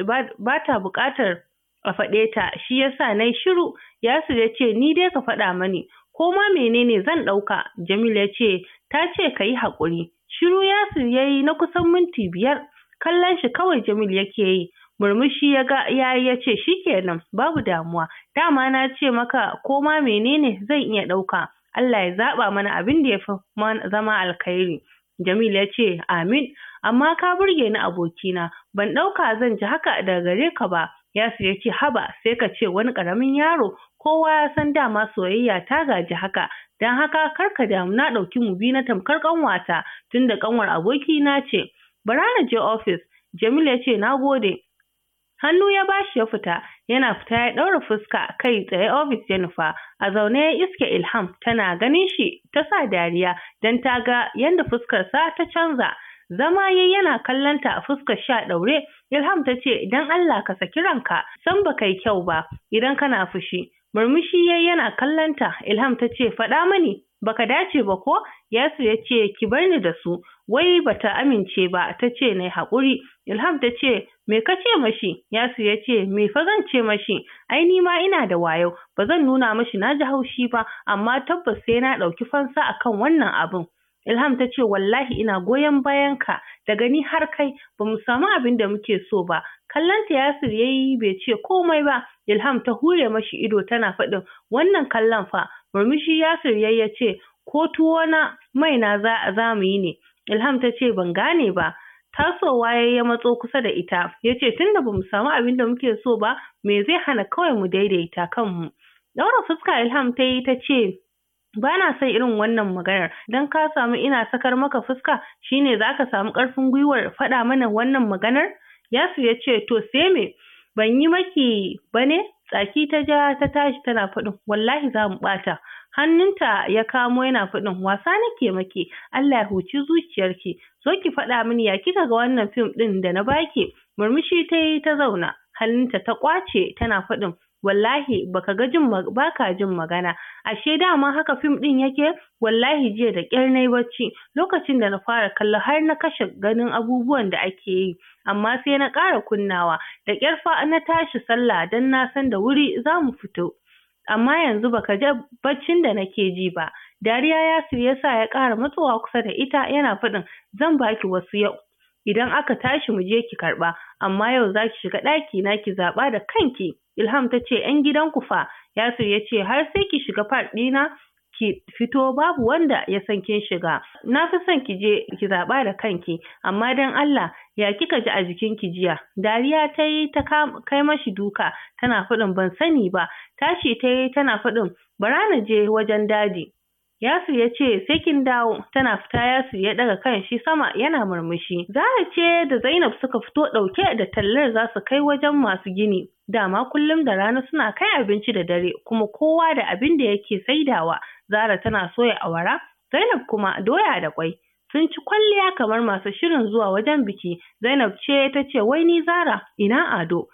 ta buƙatar a faɗe ta, shi yasa na shiru. Yasir ya ce, ni dai ka faɗa mani, ko ma menene zan ɗauka? Jamil ya ce, ta ce ka yi haƙuri. Shiru Yasir ya yi na kusan minti biyar, kallon shi kawai Jamil yake yi. murmushi ya ga yayi ya ce shikenan babu damuwa dama na ce maka koma menene zan iya ɗauka Allah ya zaɓa mana abin da ya fi zama alkhairi Jamil ya ce amin amma ka burge ni abokina ban ɗauka zan ji haka daga gare ka ba Yasir ya ce haba sai ka ce wani ƙaramin yaro kowa ya san dama soyayya ta gaji haka don haka kar ka damu na ɗauki mu biyu na tamkar ƙanwata tunda ƙanwar abokina ce bara na je ofis Jamil ya ce na gode hannu ya bashi ya fita yana fita ya ɗaura fuska kai tsaye ofis ya nufa a zaune ya iske ilham tana ganin shi ta sa dariya don ta ga yadda sa ta canza zama ya yana kallonta a fuskar sha ɗaure ilham ta ce idan allah ka saki ranka san ba kai kyau ba idan kana fushi murmushi ya yana kallonta ilham ta ce faɗa mani baka dace ba ko yasu ya ce ki bar ni da su wai bata amince ba ta ce na haƙuri ilham ta ce me ka ce mashi Yasir ya ce me fa zan ce mashi ai ni ma ina da wayo ba zan nuna mashi na ji haushi ba amma tabbas sai na ɗauki fansa kan wannan abin Ilham ta ce wallahi ina goyon bayan ka daga ni har kai ba mu samu abin da muke so ba kallonta Yasir ya yi bai ce komai ba Ilham ta hure mashi ido tana faɗin wannan kallon fa murmushi Yasir ya ce ko tuwo na mai na za mu yi ne Ilham ta ce ban gane ba tasowa ya ya matso kusa da ita ya ce tunda bamu samu abin da muke so ba me zai hana kawai mu daidaita kanmu daura fuska ilham ta yi ta ce ba son irin wannan maganar don ka samu ina sakar maka fuska shine za ka samu ƙarfin gwiwar faɗa mana wannan maganar yasu ya ce to sai me ban yi maki ba ne tsaki ta ja ta tashi tana faɗin wallahi za mu ɓata hannunta ya kamo yana faɗin wasa nake maki Allah ya huci zuciyarki zo ki faɗa mini ya kika ga wannan fim ɗin da na baki murmushi ta yi ta zauna halinta ta ƙwace tana faɗin wallahi baka ga jin baka jin magana ashe dama haka fim ɗin yake wallahi jiya da ƙyar nayi bacci lokacin da na fara kallo har na kashe ganin abubuwan da ake yi amma sai na ƙara kunnawa da ƙyar fa na tashi sallah dan na san da wuri za mu fito amma yanzu baka ji baccin da nake ji ba Dariya ya ya sa ya ƙara matsowa kusa da ita yana faɗin zan baki wasu yau. Idan aka tashi mu je ki karɓa, amma yau za ki shiga ɗaki na ki zaɓa da kanki. Ilham ta ce ‘yan gidanku fa, Yasir ya ce har sai ki shiga faɗina ɗina ki fito babu wanda ya san kin shiga. Na fi son ki je ki zaɓa da kanki, amma don Allah ya kika ji a jikin ki jiya. Dariya ta yi ta kai mashi duka, tana faɗin ban sani ba, tashi ta yi tana faɗin bara na je wajen dadi. Yasir ya ce sai kin dawo tana fita Yasu ya daga kan shi sama yana murmushi. Zara ce da Zainab suka fito dauke da tallar za su kai wajen masu gini. Dama kullum da rana suna kai abinci da dare kuma kowa da abin da yake saidawa. Zara tana soya awara, Zainab kuma doya da kwai. Sun ci kwalliya kamar masu shirin zuwa wajen biki. Zainab ce ta ce wai ni Zara ina ado.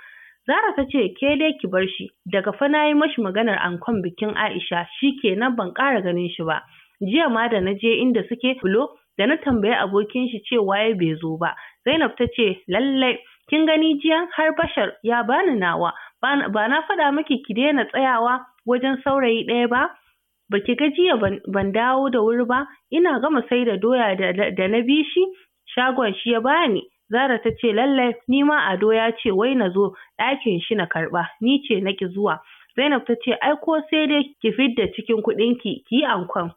Zara ta ce ke dai ki bar shi daga fa na yi mashi maganar ankon bikin Aisha shi kenan ban ƙara ganin shi ba. Jiya ma da na je inda suke bulo da na tambayi abokin shi cewa ya bai zo ba. Zainab ta ce lallai kin gani jiya har Bashar ya bani nawa ba na faɗa miki ki daina tsayawa wajen saurayi ɗaya ba. Ba ki ga jiya ban dawo da wuri ba ina gama sai da doya da na bi shi shagon shi ya bani Zara ta ce lallai ni ma Ado ya ce wai na zo ɗakin shi na karɓa, ni ce na ki zuwa. Zainab ta ce ai ko sai dai ki fidda cikin kuɗin ki yi ankon.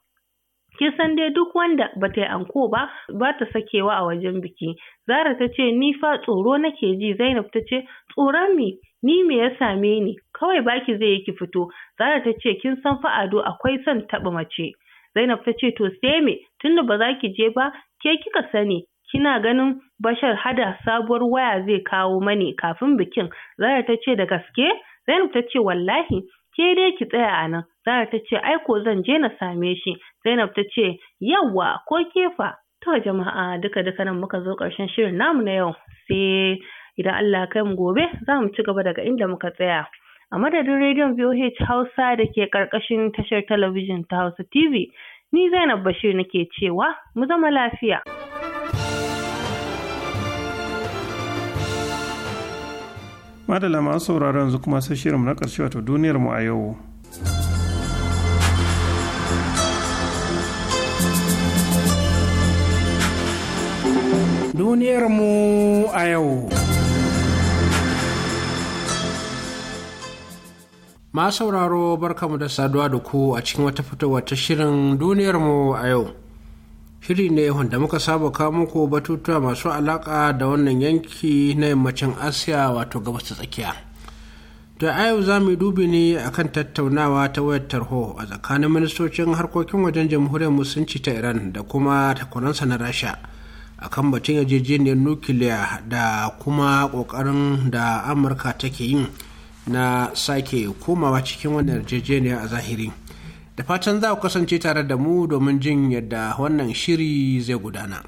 Kin san dai duk wanda ba ta yi anko ba ba ta sakewa a wajen biki. Zara ta ce ni fa tsoro nake ji Zainab ta ce tsoron me ni me ya same ni kawai baki zai yi ki fito. Zara ta ce kin san fa Ado akwai son taɓa mace. Zainab ta ce to sai me tunda ba za ki je ba ke kika sani Kina ganin Bashar hada sabuwar waya zai kawo mani kafin bikin? Zara ta ce da gaske? Zainab ta ce wallahi ke dai ki tsaya a nan. Zara ta ce ai ko zan je na same shi. Zainab ta ce yawwa ko kefa. To jama'a duka duka nan muka zo ƙarshen shirin namu na yau sai idan Allah kai mu gobe za mu ci gaba daga inda muka tsaya. A madadin rediyon VOH Hausa da ke ƙarƙashin tashar talabijin ta Hausa TV, ni Zainab Bashir nake cewa mu zama lafiya. madala masu sauraron yanzu kuma sai shirin na ƙarshe wato duniyarmu a yau duniyar mu a yau ma sauraro barkamu da saduwa da ku a cikin wata fitowar ta shirin duniyarmu a yau shiri ne wanda muka saba kawo muku batutuwa masu alaka da wannan yanki na yammacin asiya wato gabas ta tsakiya da a yau za mu dubi ne akan tattaunawa ta wayar tarho a tsakanin ministocin harkokin wajen jamhuriyar musulunci ta iran da kuma takwaransa na rasha akan batun yarjejeniyar nukiliya da kuma kokarin da amurka take yin na sake komawa cikin wannan yarjejeniya a zahiri. da fatan za ku kasance tare da mu domin jin yadda wannan shiri zai gudana.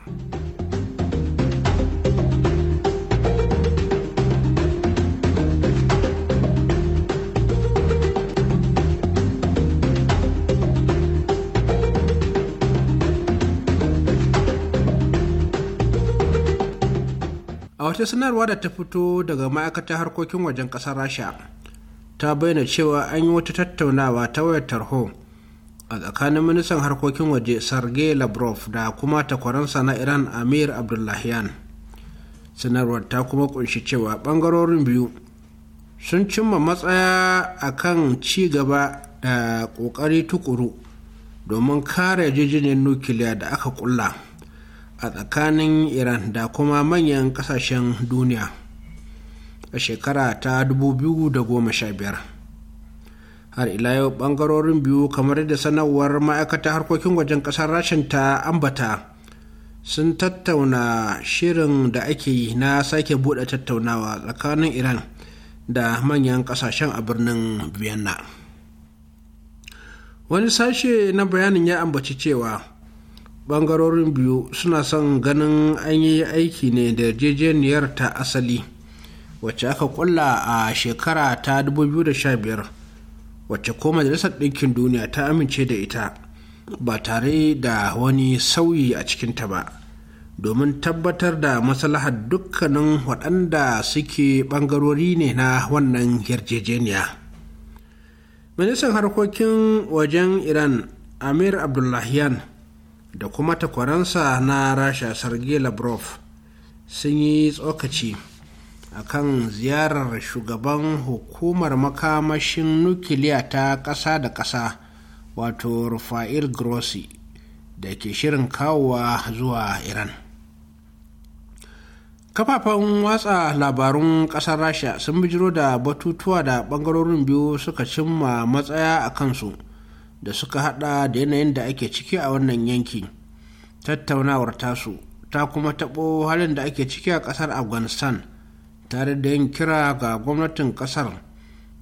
a wata sanarwa da ta fito daga ma'aikatar harkokin wajen ƙasar rasha ta bayyana cewa an yi wata tattaunawa ta wayar tarho a tsakanin ministan harkokin waje sergei labrov da kuma takwaransa na iran amir abdullahian sanarwar ta kuma kunshi cewa bangarorin biyu sun cimma matsaya a kan gaba da kokari tukuru domin kare jijinin nukiliya da aka kulla a tsakanin iran da kuma manyan kasashen duniya a shekara ta 2015 har ila yau bangarorin biyu kamar da sanarwar ma'aikatar harkokin wajen kasar rashin ta ambata sun tattauna shirin da ake yi na sake buɗe tattaunawa tsakanin iran da manyan ƙasashen a birnin vienna wani sashe na bayanin ya ambaci cewa bangarorin biyu suna son ganin an yi aiki ne da yarjejeniyar ta asali wacce aka kulla a shekara ta 2015 wacce ko majalisar ɗinkin duniya ta amince da ita ba tare da wani sauyi a cikinta ba domin tabbatar da maslahar dukkanin waɗanda suke ɓangarori ne na wannan yarjejeniya ministan harkokin wajen iran amir abdullahian da kuma takwaransa na rasha sergei lavrov sun yi tsokaci a kan ziyarar shugaban hukumar makamashin nukiliya ta ƙasa da ƙasa wato rufa'il grossi da ke shirin kawowa zuwa iran kafafen watsa labarun ƙasar rasha sun bijiro da batutuwa da bangarorin biyu suka cimma matsaya a kansu da suka hada da yanayin da ake ciki a wannan yanki tattaunawar tasu ta kuma taɓo halin da ake ciki a ƙasar afghanistan tare da yin kira ga gwamnatin kasar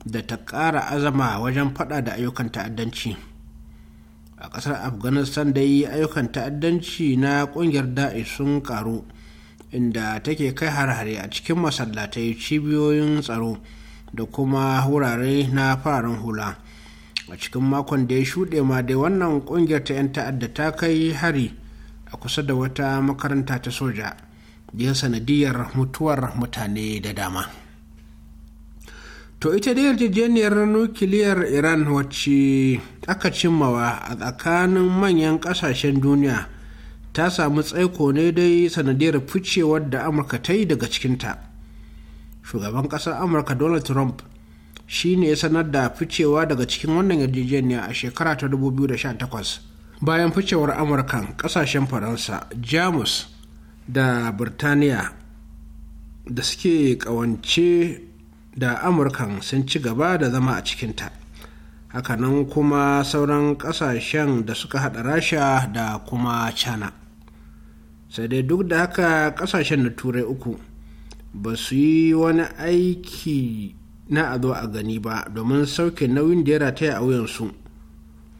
da ta ƙara azama wajen faɗa da ayyukan ta'addanci a ƙasar afghanistan yi ayyukan ta'addanci na ƙungiyar da'i sun ƙaru inda take kai har-hare a cikin masallatai cibiyoyin tsaro da kuma wurare na fararen hula a cikin makon da ya shuɗe ma dai wannan ƙungiyar ta 'yan ta'adda ta kai hari a kusa da wata makaranta ta soja ya sanadiyar mutuwar mutane da dama to ita dai yarjejeniyar nukiliyar iran wacce aka cimmawa a tsakanin manyan ƙasashen duniya ta samu tsaiko ne dai sanadiyar ficewar da amurka ta yi daga cikinta shugaban ƙasar amurka donald trump shi ne ya sanar da ficewa daga cikin wannan yarjejeniya a shekara ta 2018 bayan ficewar amurkan ƙasashen faransa jamus da birtaniya da suke kawance da amurkan sun ci gaba da zama a cikinta hakanan kuma sauran kasashen da suka hada rasha da kuma china sai dai duk da haka kasashen na turai uku ba su yi wani aiki na a a gani ba domin sauke nauyin da ya rataya a wuyansu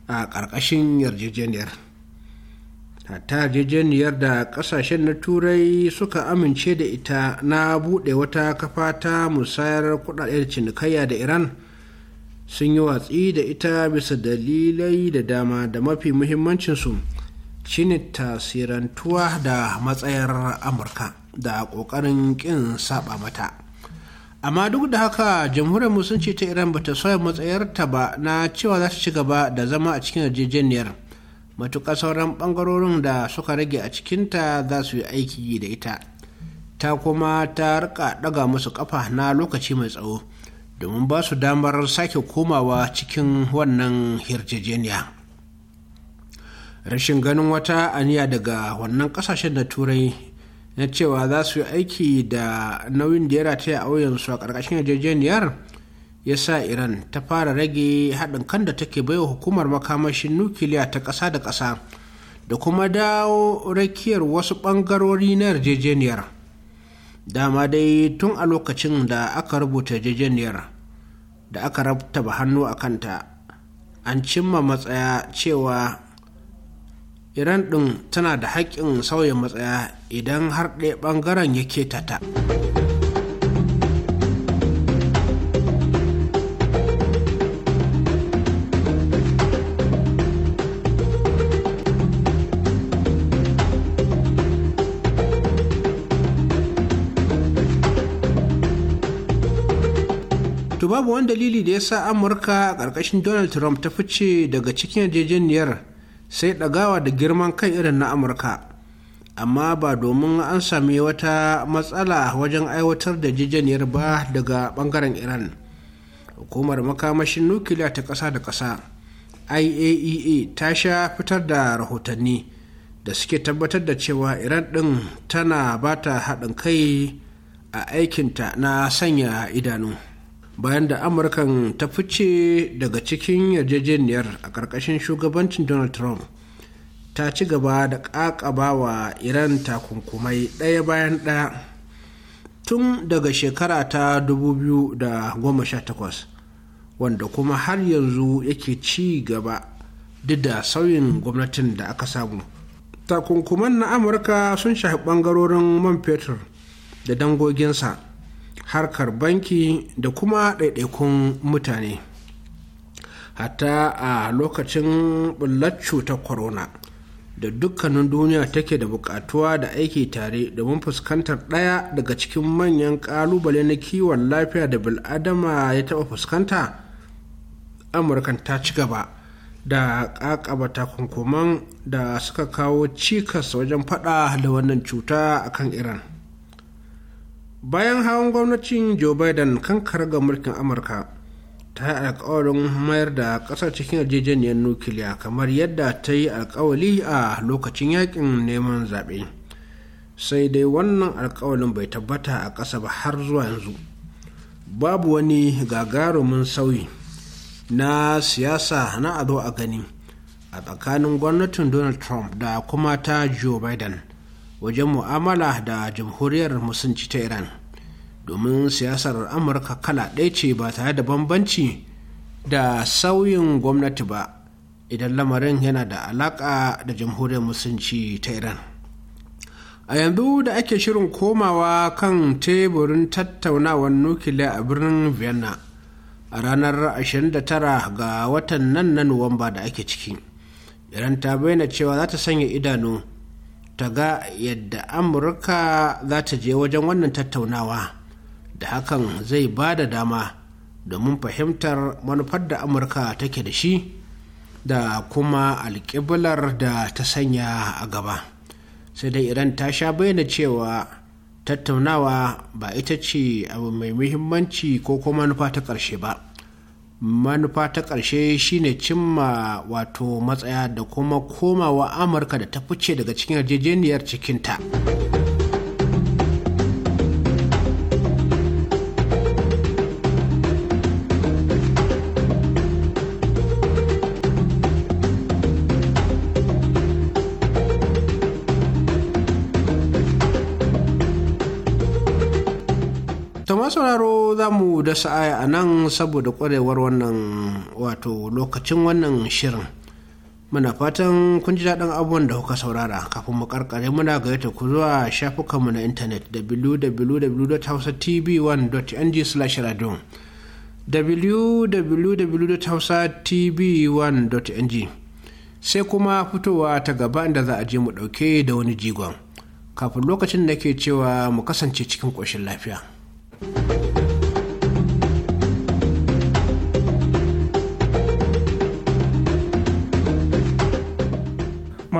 a ƙarƙashin yarjejeniyar ta yarjejeniyar da kasashen na turai suka amince da ita na buɗe wata kafa ta musayar kudaden cinikayya da iran sun yi watsi da ita bisa dalilai da dama da mafi muhimmancinsu shine tasirantuwa da matsayar amurka da ƙoƙarin ƙin saba mata amma duk da haka jamhuriyar musulunci ta iran bata soya matsayarta ba na cewa za ta ci gaba da zama a cikin yarjejeniyar matuƙa sauran ɓangarorin da suka rage a cikinta za su yi aiki da ita ta kuma ta rika ɗaga musu ƙafa na lokaci mai tsawo domin ba su damar sake komawa cikin wannan yarjejeniya rashin ganin wata aniya daga wannan ƙasashen da turai na cewa za su yi aiki da nauyin da ya rataya a wuyansu a ƙarƙashin yarjejeniyar ya sa iran ta fara rage haɗin kan da take baiwa hukumar makamashin nukiliya ta ƙasa da ƙasa da kuma dawo rakiyar wasu ɓangarori na yarjejeniyar dama dai tun a lokacin da aka rubuta yarjejeniyar da aka rabtaba hannu a kanta an cimma matsaya cewa iran ɗin tana da haƙƙin sauya matsaya idan har ɗaya ɓangaren ya ketata. ta babu wani dalili da ya sa amurka a ƙarƙashin donald trump ta fice daga cikin yarjejeniyar sai ɗagawa da girman kan irin na amurka amma ba domin an sami wata matsala wajen aiwatar da yarjejeniyar ba daga bangaren iran hukumar makamashin nukiliya ta ƙasa da ƙasa iaea e ta sha fitar da rahotanni da suke tabbatar da cewa iran ɗin tana ba ta haɗin kai a aikinta na sanya idanu bayan da amurkan ta fice daga cikin yarjejeniyar a ƙarƙashin shugabancin donald trump ta ci gaba da ƙaƙabawa wa iran takunkumai ɗaya bayan ɗaya tun daga shekara ta 2018 wanda kuma har yanzu yake ci gaba duk da sauyin gwamnatin da aka samu takunkuman na amurka sun shafi ɓangarorin man fetur da dangoginsa harkar banki da kuma ɗaiɗaikun mutane hatta a lokacin bullar ta corona da dukkanin duniya take da bukatuwa da aiki tare domin fuskantar ɗaya daga cikin manyan ƙalubale na kiwon lafiya da bil'adama ya taɓa fuskanta amurkan ta ci gaba da ƙaƙaba takunkuman da suka kawo cikas wajen faɗa da wannan cuta kan iran bayan hawan gwamnatin joe biden kan ga mulkin amurka ta yi alkawarin mayar da kasar cikin yarjejeniyar nukiliya kamar yadda ta yi alkawali a lokacin yakin neman zaɓe sai dai wannan alkawalin bai tabbata a ƙasa ba har zuwa yanzu babu wani gagarumin sauyi na siyasa na ado a gani a tsakanin gwamnatin donald trump da kuma ta joe biden wajen mu'amala da jamhuriyar musulunci ta iran domin siyasar amurka kala ɗaya ce ba tare da bambanci da sauyin gwamnati ba idan lamarin yana da alaƙa da jamhuriyar musulunci ta iran a yanzu da ake shirin komawa kan teburin tattaunawar nukiliya a birnin vienna a ranar 29 ga watan nan na nuwamba da ake ciki iran ta bayyana cewa za ta sanya idanu ta ga yadda amurka za ta je wajen wannan tattaunawa da hakan zai ba da dama domin fahimtar manufar da amurka take da shi da kuma alƙiblar da ta sanya a gaba sai dai iran ta sha bayyana cewa tattaunawa ba ita ce abu mai muhimmanci ko kuma manufa ta ƙarshe ba manufa ta ƙarshe shine cimma wato matsaya da kuma komawa amurka da ta fice daga cikin yarjejeniyar cikinta. sauraro za mu da sa'aya a nan saboda kwarewar wannan wato lokacin wannan shirin muna fatan kun ji daɗin abubuwan da kuka saurara kafin mu karkare muna gayyata ku zuwa shafukanmu na intanet www.hausatv1.ng/radio www.hausatv1.ng sai kuma fitowa ta gaba inda za a je mu ɗauke da wani jigon kafin lokacin da ke cewa mu kasance cikin ƙoshin lafiya.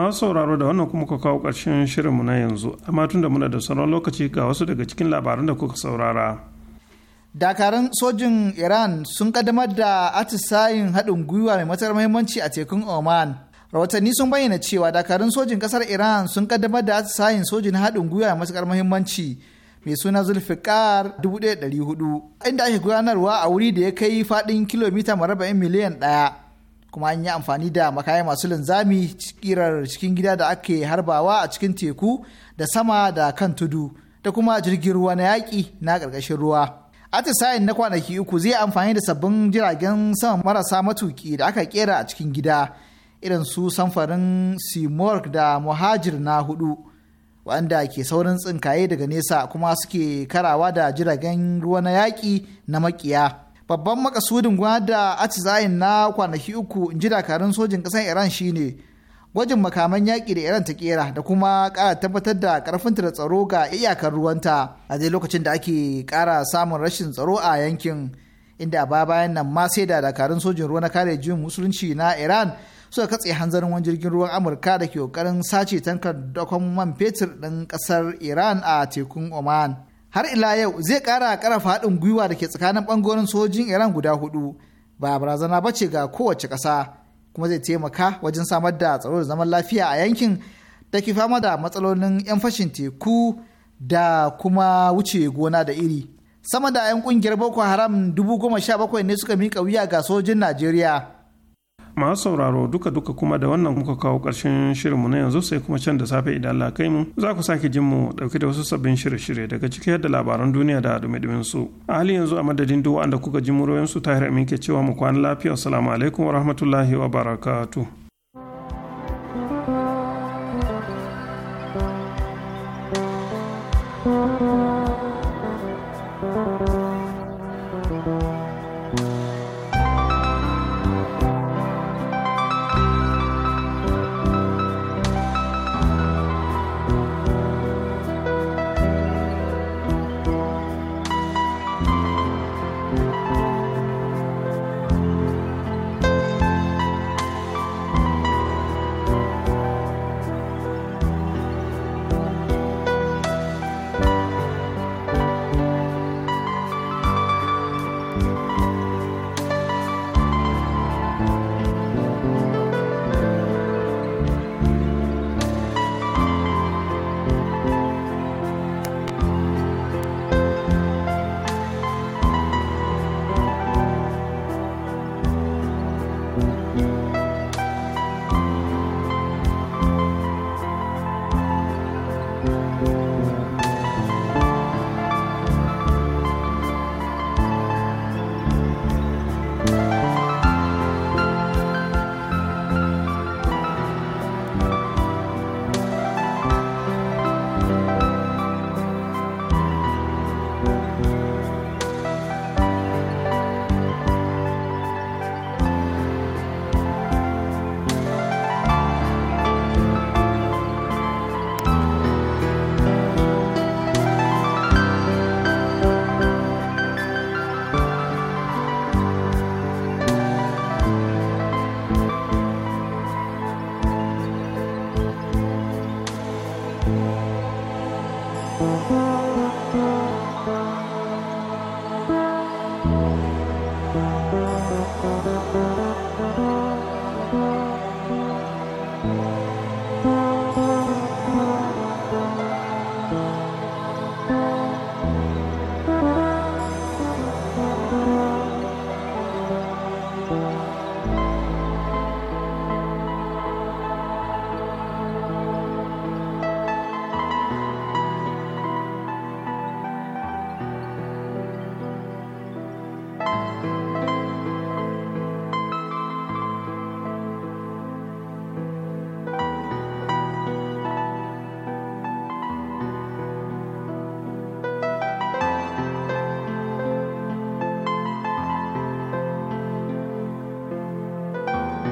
masu sauraro da wannan kuma ka kawo ƙarshen shirinmu na yanzu amma tun da muna da sauran lokaci ga wasu daga cikin labaran da kuka saurara dakarun sojin iran sun kaddamar da atisayin haɗin gwiwa mai matar muhimmanci a tekun oman rahotanni sun bayyana cewa dakarun sojin kasar iran sun kaddamar da atisayin sojin haɗin gwiwa mai matukar muhimmanci mai suna zulfikar 1400 inda ake gudanarwa a wuri da ya kai faɗin kilomita marabba'in miliyan ɗaya kuma an yi amfani da makayi masu linzami kirar cikin gida da ake harbawa a cikin teku da sama da kan tudu da kuma jirgin ruwa na yaƙi na ƙarƙashin ruwa. Atisayin na kwanaki uku zai amfani da sabbin jiragen sama marasa matuki da aka kera a cikin gida irin su samfarin Seamorg da Muhajir na hudu wanda ke saurin tsinkaye daga nesa kuma suke karawa da jiragen ruwa na yaƙi na maƙiya. babban makasudin gwada atizayin na kwanaki uku in ji dakarun sojin ƙasar iran shine gwajin makaman yaƙi da iran ta kera da kuma ƙara tabbatar da ƙarfinta da tsaro ga iyakar ruwanta a dai lokacin da ake ƙara samun rashin tsaro a yankin inda ba bayan nan ma sai da dakarun sojin ruwa na kare jin musulunci na iran suka katse hanzarin wani jirgin ruwan amurka da ke ƙoƙarin sace tankar dokon man fetur ɗin ƙasar iran a tekun oman har ila yau zai kara ƙarafa haɗin gwiwa da ke tsakanin ɓangoren sojin iran guda hudu ba barazana ba ce ga kowace ƙasa kuma zai taimaka wajen samar da tsaro da zaman lafiya a yankin da ke fama da matsalolin 'yan fashin teku da kuma wuce gona da iri sama da 'yan ƙungiyar boko haram dubu goma sha bakwai ne suka mika wuya ga sojin najeriya masu sauraro duka-duka kuma da wannan muka kawo ƙarshen mu na yanzu sai kuma can da safe idan Allah kai mu za ku sake jin mu ɗauke da wasu sabbin shirye-shirye daga ciki yadda labaran duniya da dumi-dumin su a halin yanzu a madadin duk wanda kuka ji muryoyin su tahir amin ke cewa mu kwana lafiya assalamu alaikum wa rahmatullahi wa barakatu.